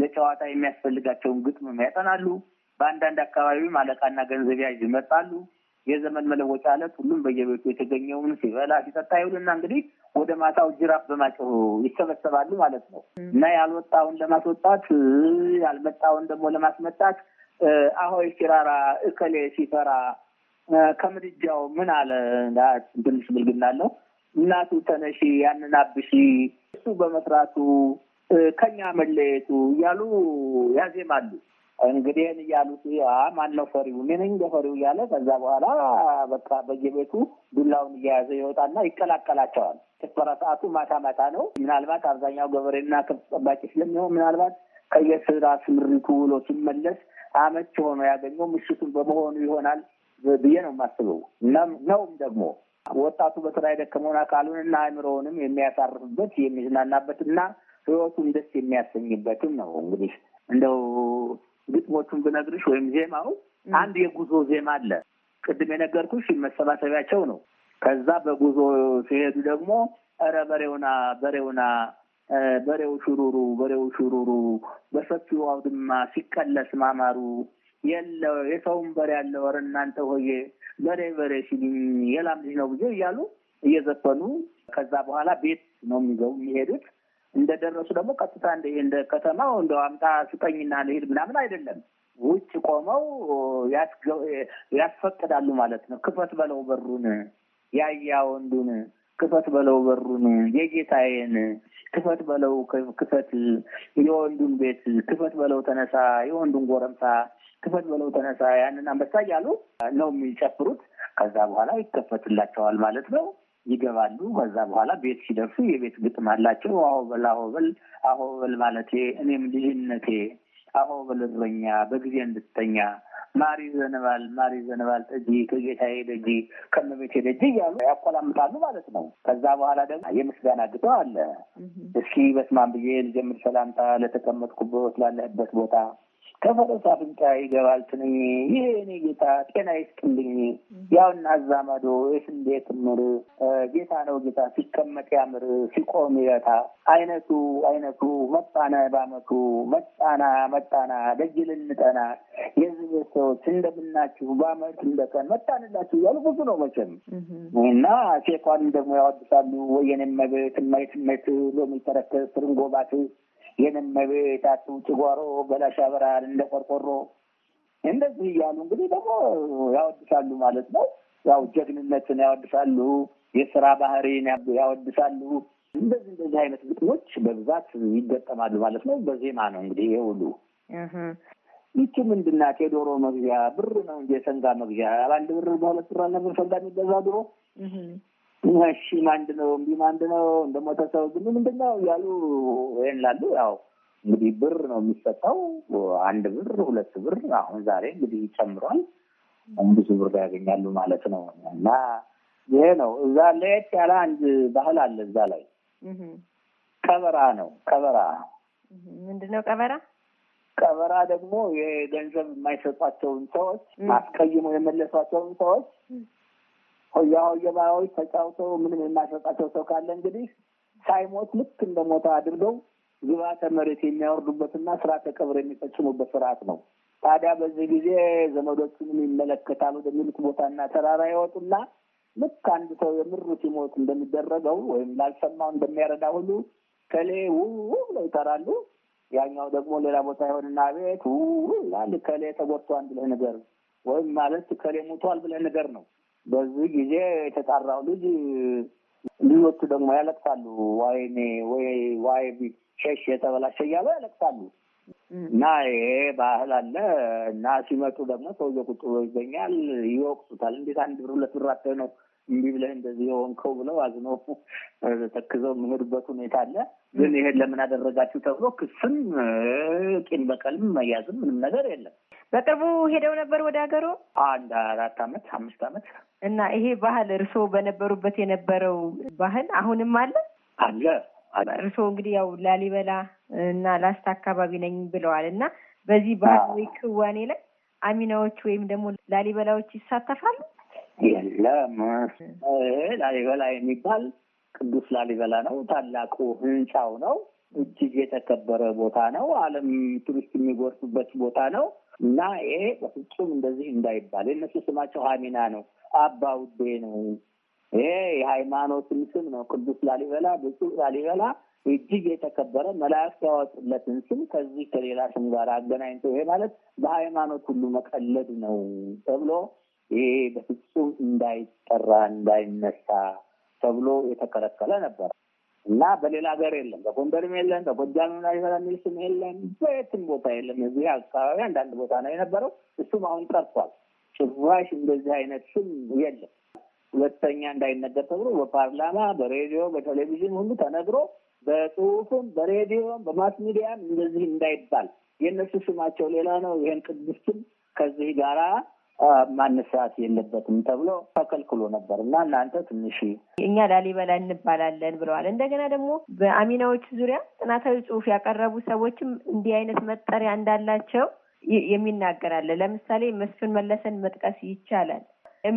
ለጨዋታ የሚያስፈልጋቸውን ግጥም ያጠናሉ። በአንዳንድ አካባቢም አለቃና ገንዘብ ያዥ ይመጣሉ። የዘመን መለወጫ ዕለት ሁሉም በየቤቱ የተገኘውን ሲበላ ሲጠጣ ይውልና እንግዲህ ወደ ማታው ጅራፍ በማጮህ ይሰበሰባሉ ማለት ነው እና ያልወጣውን ለማስወጣት ያልመጣውን ደግሞ ለማስመጣት አሆይ ሲራራ እከሌ ሲፈራ ከምድጃው ምን አለ ትንሽ ብልግና አለው። እናቱ ተነሺ ያንን አብሺ እሱ በመስራቱ ከኛ መለየቱ እያሉ ያዜማሉ። እንግዲህን እያሉት ማን ነው ፈሪው? ምን እንደ ፈሪው እያለ ከዛ በኋላ በቃ በየቤቱ ዱላውን እየያዘ ይወጣና ይቀላቀላቸዋል። ጭፈራ ሰዓቱ ማታ ማታ ነው። ምናልባት አብዛኛው ገበሬና ከብት ጠባቂ ስለሚሆን ምናልባት ከየስራ ስምሪቱ ውሎ ሲመለስ አመች ሆኖ ያገኘው ምሽቱን በመሆኑ ይሆናል ብዬ ነው የማስበው። ነውም ደግሞ ወጣቱ በስራ የደከመውን አካሉን እና አእምሮውንም የሚያሳርፍበት የሚዝናናበት እና ህይወቱን ደስ የሚያሰኝበትም ነው እንግዲህ እንደው ግጥሞቹን ብነግርሽ ወይም ዜማው አንድ የጉዞ ዜማ አለ። ቅድም የነገርኩሽ መሰባሰቢያቸው ነው። ከዛ በጉዞ ሲሄዱ ደግሞ እረ በሬውና በሬውና በሬው ሹሩሩ በሬው ሹሩሩ በሰፊው አውድማ ሲቀለስ ማማሩ የለ የሰውን በሬ ያለ ወረ እናንተ ሆዬ በሬ በሬ ሲልኝ የላም ልጅ ነው ብዬ እያሉ እየዘፈኑ ከዛ በኋላ ቤት ነው የሚገቡ የሚሄዱት እንደደረሱ ደግሞ ቀጥታ እንደ ከተማው እንደ አምጣ ስጠኝና ልሄድ ምናምን አይደለም። ውጭ ቆመው ያስፈቅዳሉ ማለት ነው። ክፈት በለው በሩን፣ ያያ ወንዱን ክፈት በለው በሩን፣ የጌታዬን ክፈት በለው ክፈት፣ የወንዱን ቤት ክፈት በለው ተነሳ፣ የወንዱን ጎረምሳ ክፈት በለው ተነሳ፣ ያንን አንበሳ እያሉ ነው የሚጨፍሩት። ከዛ በኋላ ይከፈትላቸዋል ማለት ነው። ይገባሉ። ከዛ በኋላ ቤት ሲደርሱ የቤት ግጥም አላቸው። አሆበል አሆበል አሆበል ማለቴ እኔም ልጅነቴ አሆበል እረኛ በጊዜ እንድትተኛ ማሪ ዘንባል ማሪ ዘንባል ጠጂ ከጌታዬ ደጂ ከመቤቴ ደጂ እያሉ ያቆላምጣሉ ማለት ነው። ከዛ በኋላ ደግሞ የምስጋና ግጦ አለ። እስኪ በስማን ብዬ ልጀምር ሰላምታ ለተቀመጥኩበት ላለህበት ቦታ ከፈረስ አፍንጫ ይገባል ትንኝ። ይሄ እኔ ጌታ ጤና ይስጥልኝ። ያውና እዛ ማዶ የስንዴ ክምር ጌታ ነው ጌታ ሲቀመጥ ያምር ሲቆም ይረታ አይነቱ አይነቱ መጣና ባመቱ መጣና መጣና ደጅ ልንጠና የዚህ ሰዎች እንደምናችሁ በአመት እንደቀን መጣንላችሁ እያሉ ብዙ ነው መቼም እና ሴቷን ደግሞ ያወድሳሉ ወየኔ መብት እማይትመት ሎሚ ተረከስ ትርንጎባት የእመቤታችሁ ጭጓሮ በላሻ ያበራል እንደ ቆርቆሮ። እንደዚህ እያሉ እንግዲህ ደግሞ ያወድሳሉ ማለት ነው። ያው ጀግንነትን ያወድሳሉ፣ የስራ ባህሪን ያወድሳሉ። እንደዚህ እንደዚህ አይነት ግጥሞች በብዛት ይገጠማሉ ማለት ነው። በዜማ ነው እንግዲህ የውሉ ይቺ ምንድናት? የዶሮ መግዣ ብር ነው እንጂ የሰንጋ መግዣ አንድ ብር በሁለት ብር አልነበር ሰንጋ የሚገዛ ድሮ እሺ ማንድ ነው እንዲህም ማንድ ነው እንደሞተ ሰው ግን ምንድነው እያሉ ይሄን ላሉ ያው እንግዲህ ብር ነው የሚሰጠው። አንድ ብር ሁለት ብር አሁን ዛሬ እንግዲህ ጨምሯል። ብዙ ብር ያገኛሉ ማለት ነው። እና ይሄ ነው እዛ ለየት ያለ አንድ ባህል አለ እዛ ላይ ቀበራ ነው። ቀበራ ምንድነው? ቀበራ ቀበራ ደግሞ የገንዘብ የማይሰጧቸውን ሰዎች ማስቀይሞ የመለሷቸውን ሰዎች ሆያ ሆየባዎች ተጫውተው ምንም የማይሰጣቸው ሰው ካለ እንግዲህ ሳይሞት ልክ እንደ ሞተ አድርገው ግብዓተ መሬት የሚያወርዱበትና ስርዓተ ቀብር የሚፈጽሙበት ስርዓት ነው። ታዲያ በዚህ ጊዜ ዘመዶቹንም ይመለከታል ወደሚሉት ቦታና ተራራ ይወጡና ልክ አንድ ሰው የምሩ ሲሞት እንደሚደረገው ወይም ላልሰማው እንደሚያረዳ ሁሉ ከሌ ውው ብለው ይጠራሉ። ያኛው ደግሞ ሌላ ቦታ ይሆንና ቤት ውው ይላል። ከሌ ተጎድቷል ብለህ ነገር ወይም ማለት ከሌ ሙቷል ብለህ ነገር ነው በዚህ ጊዜ የተጣራው ልጅ ልጆቹ ደግሞ ያለቅሳሉ። ዋይ ወይ ዋይ ሸሽ የተበላሸ እያሉ ያለቅሳሉ። እና ይሄ ባህል አለ እና ሲመጡ ደግሞ ሰውዬው ቁጭ ብሎ ይገኛል። ይወቅሱታል። እንዴት አንድ ብር ሁለት ብር ነው እንዲህ ብለህ እንደዚህ የሆንከው ብለው አዝነው ተክዘው የሚሄዱበት ሁኔታ አለ። ግን ይሄን ለምን አደረጋችሁ ተብሎ ክስም ቂም በቀልም መያዝም ምንም ነገር የለም። በቅርቡ ሄደው ነበር ወደ ሀገሩ አንድ አራት አመት አምስት አመት እና ይሄ ባህል እርስዎ በነበሩበት የነበረው ባህል አሁንም አለ አለ። እርስዎ እንግዲህ ያው ላሊበላ እና ላስታ አካባቢ ነኝ ብለዋል እና በዚህ ባህላዊ ክዋኔ ላይ አሚናዎች ወይም ደግሞ ላሊበላዎች ይሳተፋሉ? የለም ላሊበላ የሚባል ቅዱስ ላሊበላ ነው። ታላቁ ህንፃው ነው። እጅግ የተከበረ ቦታ ነው። ዓለም ቱሪስት የሚጎርፍበት ቦታ ነው እና ይሄ በፍጹም እንደዚህ እንዳይባል የእነሱ ስማቸው ሀሚና ነው። አባ ውዴ ነው። ይሄ የሃይማኖትን ስም ነው። ቅዱስ ላሊበላ፣ ብፁዕ ላሊበላ እጅግ የተከበረ መላእክት ያወጡለትን ስም ከዚህ ከሌላ ስም ጋር አገናኝቶ ይሄ ማለት በሃይማኖት ሁሉ መቀለድ ነው ተብሎ ይሄ በፍጹም እንዳይጠራ እንዳይነሳ ተብሎ የተከለከለ ነበር እና በሌላ ሀገር የለም፣ በጎንደርም የለም፣ በጎጃም የሚል ስም የለም፣ በየትም ቦታ የለም። እዚህ አካባቢ አንዳንድ ቦታ ነው የነበረው። እሱም አሁን ጠርቷል። ጭራሽ እንደዚህ አይነት ስም የለም። ሁለተኛ እንዳይነገር ተብሎ በፓርላማ በሬዲዮ በቴሌቪዥን ሁሉ ተነግሮ በጽሁፍም በሬዲዮም በማስ ሚዲያም እንደዚህ እንዳይባል የእነሱ ስማቸው ሌላ ነው። ይህን ቅዱስ ስም ከዚህ ጋራ ማነሳት የለበትም ተብሎ ተከልክሎ ነበር እና እናንተ ትንሽ እኛ ላሊበላ እንባላለን ብለዋል። እንደገና ደግሞ በአሚናዎች ዙሪያ ጥናታዊ ጽሑፍ ያቀረቡ ሰዎችም እንዲህ አይነት መጠሪያ እንዳላቸው የሚናገራለ። ለምሳሌ መስፍን መለሰን መጥቀስ ይቻላል።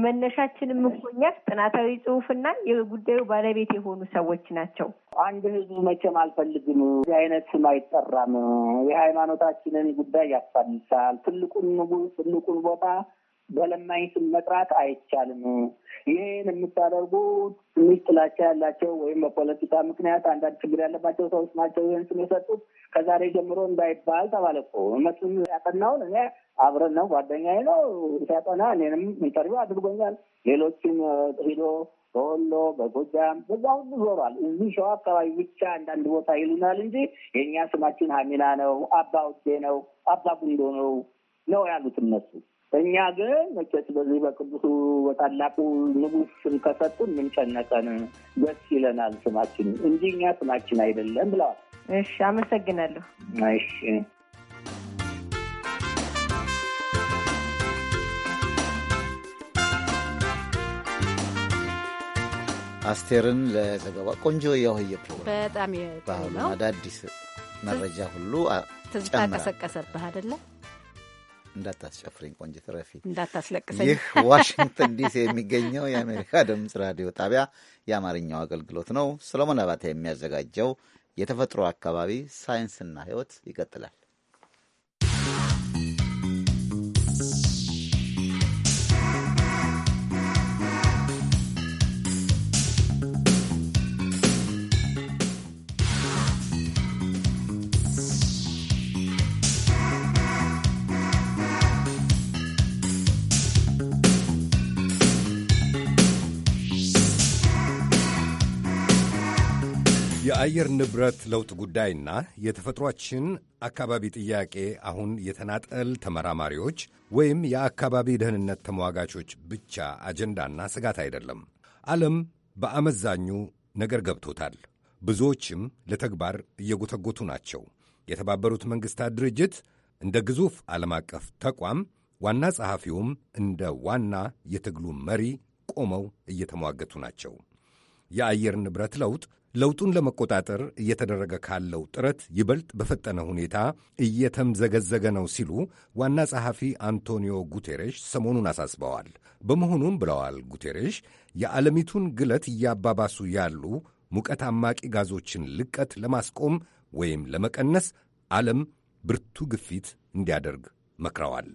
መነሻችንም እኮ ጥናታዊ ጽሑፍና የጉዳዩ ባለቤት የሆኑ ሰዎች ናቸው። አንድ ህዝብ መቼም አልፈልግም። እዚህ አይነት ስም አይጠራም። የሃይማኖታችንን ጉዳይ ያፋልሳል። ትልቁን ንጉስ ትልቁን ቦታ በለማኝ ስም መጥራት አይቻልም። ይህን የምታደርጉ ትንሽ ጥላቻ ያላቸው ወይም በፖለቲካ ምክንያት አንዳንድ ችግር ያለባቸው ሰዎች ናቸው ይህን ስም የሰጡት ከዛሬ ጀምሮ እንዳይባል ተባለ እኮ። እውነቱን ያጠናውን እኔ አብረን ነው ጓደኛዬ ነው ሲያጠና እኔንም ኢንተርቪው አድርጎኛል። ሌሎችም ሂዶ በወሎ በጎጃም በዛ ሁሉ ዞሯል። እዚህ ሸዋ አካባቢ ብቻ አንዳንድ ቦታ ይሉናል እንጂ የእኛ ስማችን ሀሚና ነው፣ አባ ውዴ ነው፣ አባ ጉንዶ ነው ነው ያሉት እነሱ እኛ ግን መቼስ በዚህ በቅዱሱ በታላቁ ንጉሥ ስም ከሰጡን ምንጨነቀን ደስ ይለናል ስማችን እንጂ እኛ ስማችን አይደለም ብለዋል። እሺ፣ አመሰግናለሁ። እሺ። አስቴርን ለዘገባ ቆንጆ የሆየ ፕሮግራም በጣም አዳዲስ መረጃ ሁሉ ትዝታ ቀሰቀሰብህ አደለም? እንዳታስጨፍርኝ ቆንጅት፣ ረፊ እንዳታስለቅሰኝ። ይህ ዋሽንግተን ዲሲ የሚገኘው የአሜሪካ ድምፅ ራዲዮ ጣቢያ የአማርኛው አገልግሎት ነው። ሰሎሞን አባተ የሚያዘጋጀው የተፈጥሮ አካባቢ ሳይንስና ሕይወት ይቀጥላል። የአየር ንብረት ለውጥ ጉዳይና የተፈጥሯችን አካባቢ ጥያቄ አሁን የተናጠል ተመራማሪዎች ወይም የአካባቢ ደህንነት ተሟጋቾች ብቻ አጀንዳና ስጋት አይደለም። ዓለም በአመዛኙ ነገር ገብቶታል። ብዙዎችም ለተግባር እየጎተጎቱ ናቸው። የተባበሩት መንግሥታት ድርጅት እንደ ግዙፍ ዓለም አቀፍ ተቋም ዋና ጸሐፊውም እንደ ዋና የትግሉ መሪ ቆመው እየተሟገቱ ናቸው። የአየር ንብረት ለውጥ ለውጡን ለመቆጣጠር እየተደረገ ካለው ጥረት ይበልጥ በፈጠነ ሁኔታ እየተምዘገዘገ ነው ሲሉ ዋና ጸሐፊ አንቶኒዮ ጉቴሬሽ ሰሞኑን አሳስበዋል። በመሆኑም ብለዋል ጉቴሬሽ የዓለሚቱን ግለት እያባባሱ ያሉ ሙቀት አማቂ ጋዞችን ልቀት ለማስቆም ወይም ለመቀነስ ዓለም ብርቱ ግፊት እንዲያደርግ መክረዋል።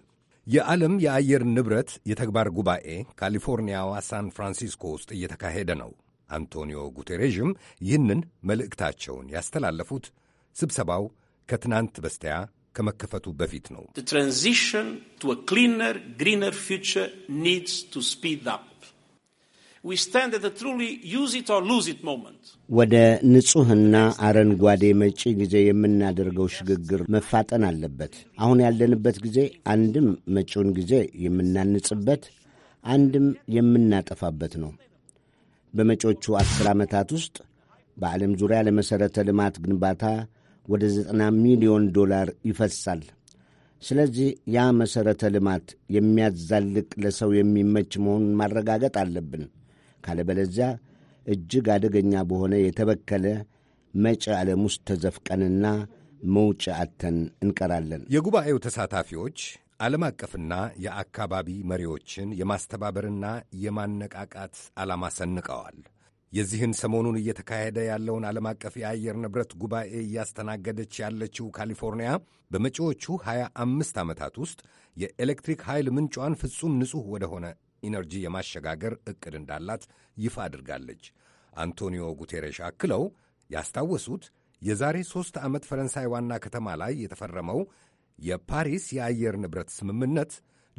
የዓለም የአየር ንብረት የተግባር ጉባኤ ካሊፎርኒያዋ ሳን ፍራንሲስኮ ውስጥ እየተካሄደ ነው። አንቶኒዮ ጉቴሬዥም ይህንን መልእክታቸውን ያስተላለፉት ስብሰባው ከትናንት በስቲያ ከመከፈቱ በፊት ነው። ወደ ንጹሕና አረንጓዴ መጪ ጊዜ የምናደርገው ሽግግር መፋጠን አለበት። አሁን ያለንበት ጊዜ አንድም መጪውን ጊዜ የምናንጽበት፣ አንድም የምናጠፋበት ነው። በመጪዎቹ ዐሥር ዓመታት ውስጥ በዓለም ዙሪያ ለመሠረተ ልማት ግንባታ ወደ ዘጠና ሚሊዮን ዶላር ይፈሳል። ስለዚህ ያ መሠረተ ልማት የሚያዛልቅ ለሰው የሚመች መሆኑን ማረጋገጥ አለብን። ካለበለዚያ እጅግ አደገኛ በሆነ የተበከለ መጪ ዓለም ውስጥ ተዘፍቀንና መውጭ አተን እንቀራለን። የጉባኤው ተሳታፊዎች ዓለም አቀፍና የአካባቢ መሪዎችን የማስተባበርና የማነቃቃት ዓላማ ሰንቀዋል። የዚህን ሰሞኑን እየተካሄደ ያለውን ዓለም አቀፍ የአየር ንብረት ጉባኤ እያስተናገደች ያለችው ካሊፎርኒያ በመጪዎቹ 25 ዓመታት ውስጥ የኤሌክትሪክ ኃይል ምንጯን ፍጹም ንጹሕ ወደሆነ ኢነርጂ የማሸጋገር ዕቅድ እንዳላት ይፋ አድርጋለች። አንቶኒዮ ጉቴሬሽ አክለው ያስታወሱት የዛሬ ሦስት ዓመት ፈረንሳይ ዋና ከተማ ላይ የተፈረመው የፓሪስ የአየር ንብረት ስምምነት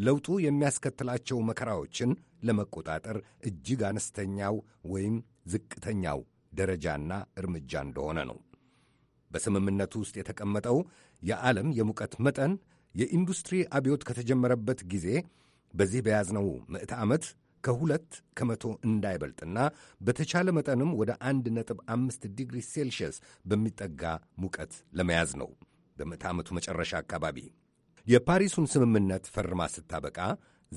ለውጡ የሚያስከትላቸው መከራዎችን ለመቆጣጠር እጅግ አነስተኛው ወይም ዝቅተኛው ደረጃና እርምጃ እንደሆነ ነው። በስምምነቱ ውስጥ የተቀመጠው የዓለም የሙቀት መጠን የኢንዱስትሪ አብዮት ከተጀመረበት ጊዜ በዚህ በያዝነው ምዕተ ዓመት ከሁለት ከመቶ እንዳይበልጥና በተቻለ መጠንም ወደ አንድ ነጥብ አምስት ዲግሪ ሴልሺየስ በሚጠጋ ሙቀት ለመያዝ ነው። በምዕተ ዓመቱ መጨረሻ አካባቢ የፓሪሱን ስምምነት ፈርማ ስታበቃ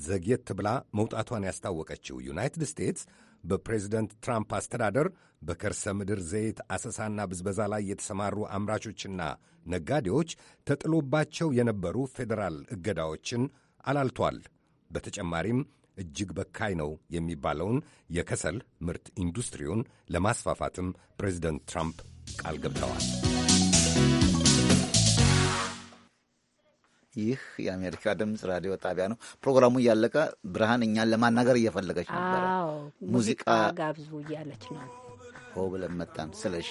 ዘግየት ብላ መውጣቷን ያስታወቀችው ዩናይትድ ስቴትስ በፕሬዝደንት ትራምፕ አስተዳደር በከርሰ ምድር ዘይት አሰሳና ብዝበዛ ላይ የተሰማሩ አምራቾችና ነጋዴዎች ተጥሎባቸው የነበሩ ፌዴራል እገዳዎችን አላልቷል። በተጨማሪም እጅግ በካይ ነው የሚባለውን የከሰል ምርት ኢንዱስትሪውን ለማስፋፋትም ፕሬዝደንት ትራምፕ ቃል ገብተዋል። ይህ የአሜሪካ ድምጽ ራዲዮ ጣቢያ ነው። ፕሮግራሙ እያለቀ ብርሃን እኛን ለማናገር እየፈለገች ነበረ። ሙዚቃ ጋብዙ እያለች ነው። ሆ ብለን መጣን። ስለሺ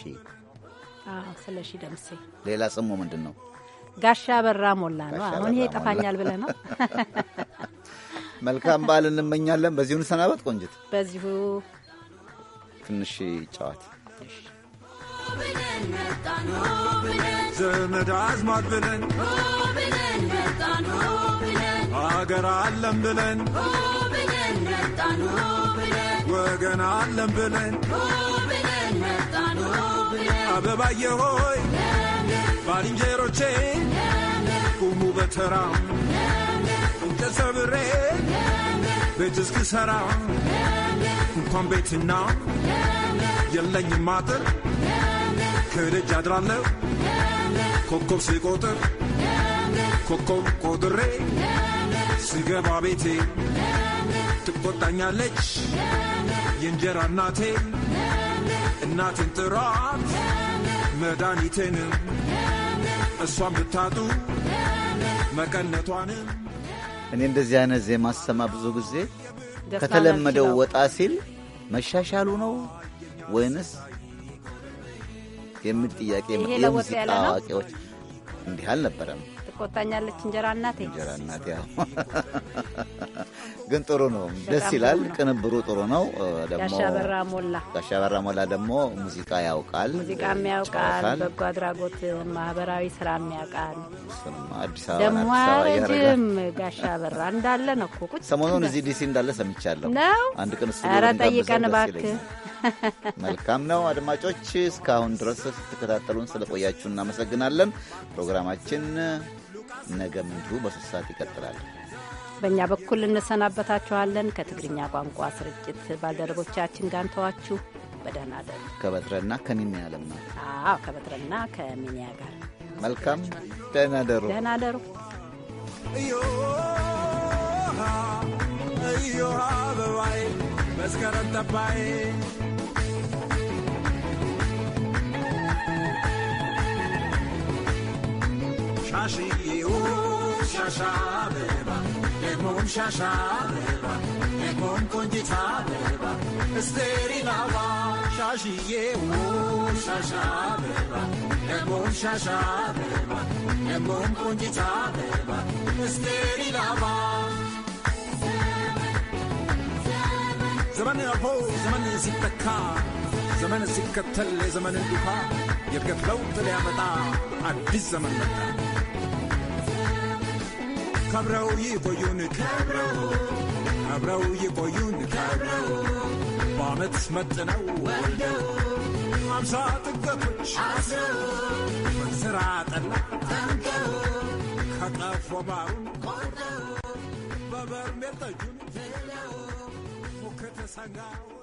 ስለሺ ደምሴ። ሌላ ጽሞ ምንድን ነው? ጋሻ በራ ሞላ ነው። አሁን ይሄ ይጠፋኛል ብለ ነው። መልካም በዓል እንመኛለን። በዚሁ እንሰናበት። ቆንጅት በዚሁ ትንሽ ጨዋት ዘመድ አዝማድ ብለን አገር አለም ብለን ወገን አለም ብለን አበባዬ ሆይ ባልንጀሮቼ ቁሙ በተራ እንጨት ሰብሬ ቤት እስክሰራ እንኳን ቤትና የለኝም አጥር ከደጅ አድራለሁ ኮከብ ስቆጥር ኮከብ ቆጥሬ ስገባ ቤቴ ትቆጣኛለች የእንጀራ እናቴ እናቴን ጥሯት መድኃኒቴንም እሷን ብታጡ መቀነቷንም እኔ እንደዚህ አይነት ዜማ ስሰማ ብዙ ጊዜ ከተለመደው ወጣ ሲል መሻሻሉ ነው ወይንስ የሚል ጥያቄ የሙዚቃ አዋቂዎች እንዲህ አልነበረም። ትቆጣኛለች እንጀራ እናቴ እንጀራ እናቴ። ግን ጥሩ ነው፣ ደስ ይላል። ቅንብሩ ጥሩ ነው። ጋሻበራ ሞላ ጋሻበራ ሞላ ደግሞ ሙዚቃ ያውቃል፣ ሙዚቃም ያውቃል፣ በጎ አድራጎት ማህበራዊ ስራም ያውቃል። አዲስ አበባ ደግሞ አያረጅም ጋሻበራ እንዳለ ነው እኮ ቁጭ ሰሞኑን እዚህ ዲሲ እንዳለ ሰምቻለሁ። ነው አንድ ቀን እሱ ኧረ ጠይቀን እባክህ መልካም ነው አድማጮች፣ እስካሁን ድረስ ስትከታተሉን ስለቆያችሁ እናመሰግናለን። ፕሮግራማችን ነገም እንዲሁ በሶስት ሰዓት ይቀጥላል። በእኛ በኩል እንሰናበታችኋለን። ከትግርኛ ቋንቋ ስርጭት ባልደረቦቻችን ጋር ተዋችሁ። በደህና ደ ከበትረና ከሚኒያ ለማ አዎ፣ ከበትረና ከሚኒያ ጋር መልካም ደህና ደሩ። ደህና ደሩ። እዮሃ በባይ መስከረም ጠባዬ shashi Emun shasha beba, emun kondita beba, esteri nawa. Shashi ye u shasha beba, emun shasha beba, emun kondita beba, esteri nawa. Zaman ya po, zaman ya zitaka. ዘመን ሲከተል የዘመንን ዱካ የእድገት ለውጥ ሊያመጣ አዲስ ዘመን መጣ። ከብረው ይቆዩን ከብረው አብረው ይቆዩን ከብረው በዓመት መጥነው ወልደው አምሳ ጥገቶች አስረው በንስራ ጠላ ጠምቀው ከቀፎ ማሩን ቆርጠው በበርሜል ጠጁን ፍለው ሙክት ሰንጋው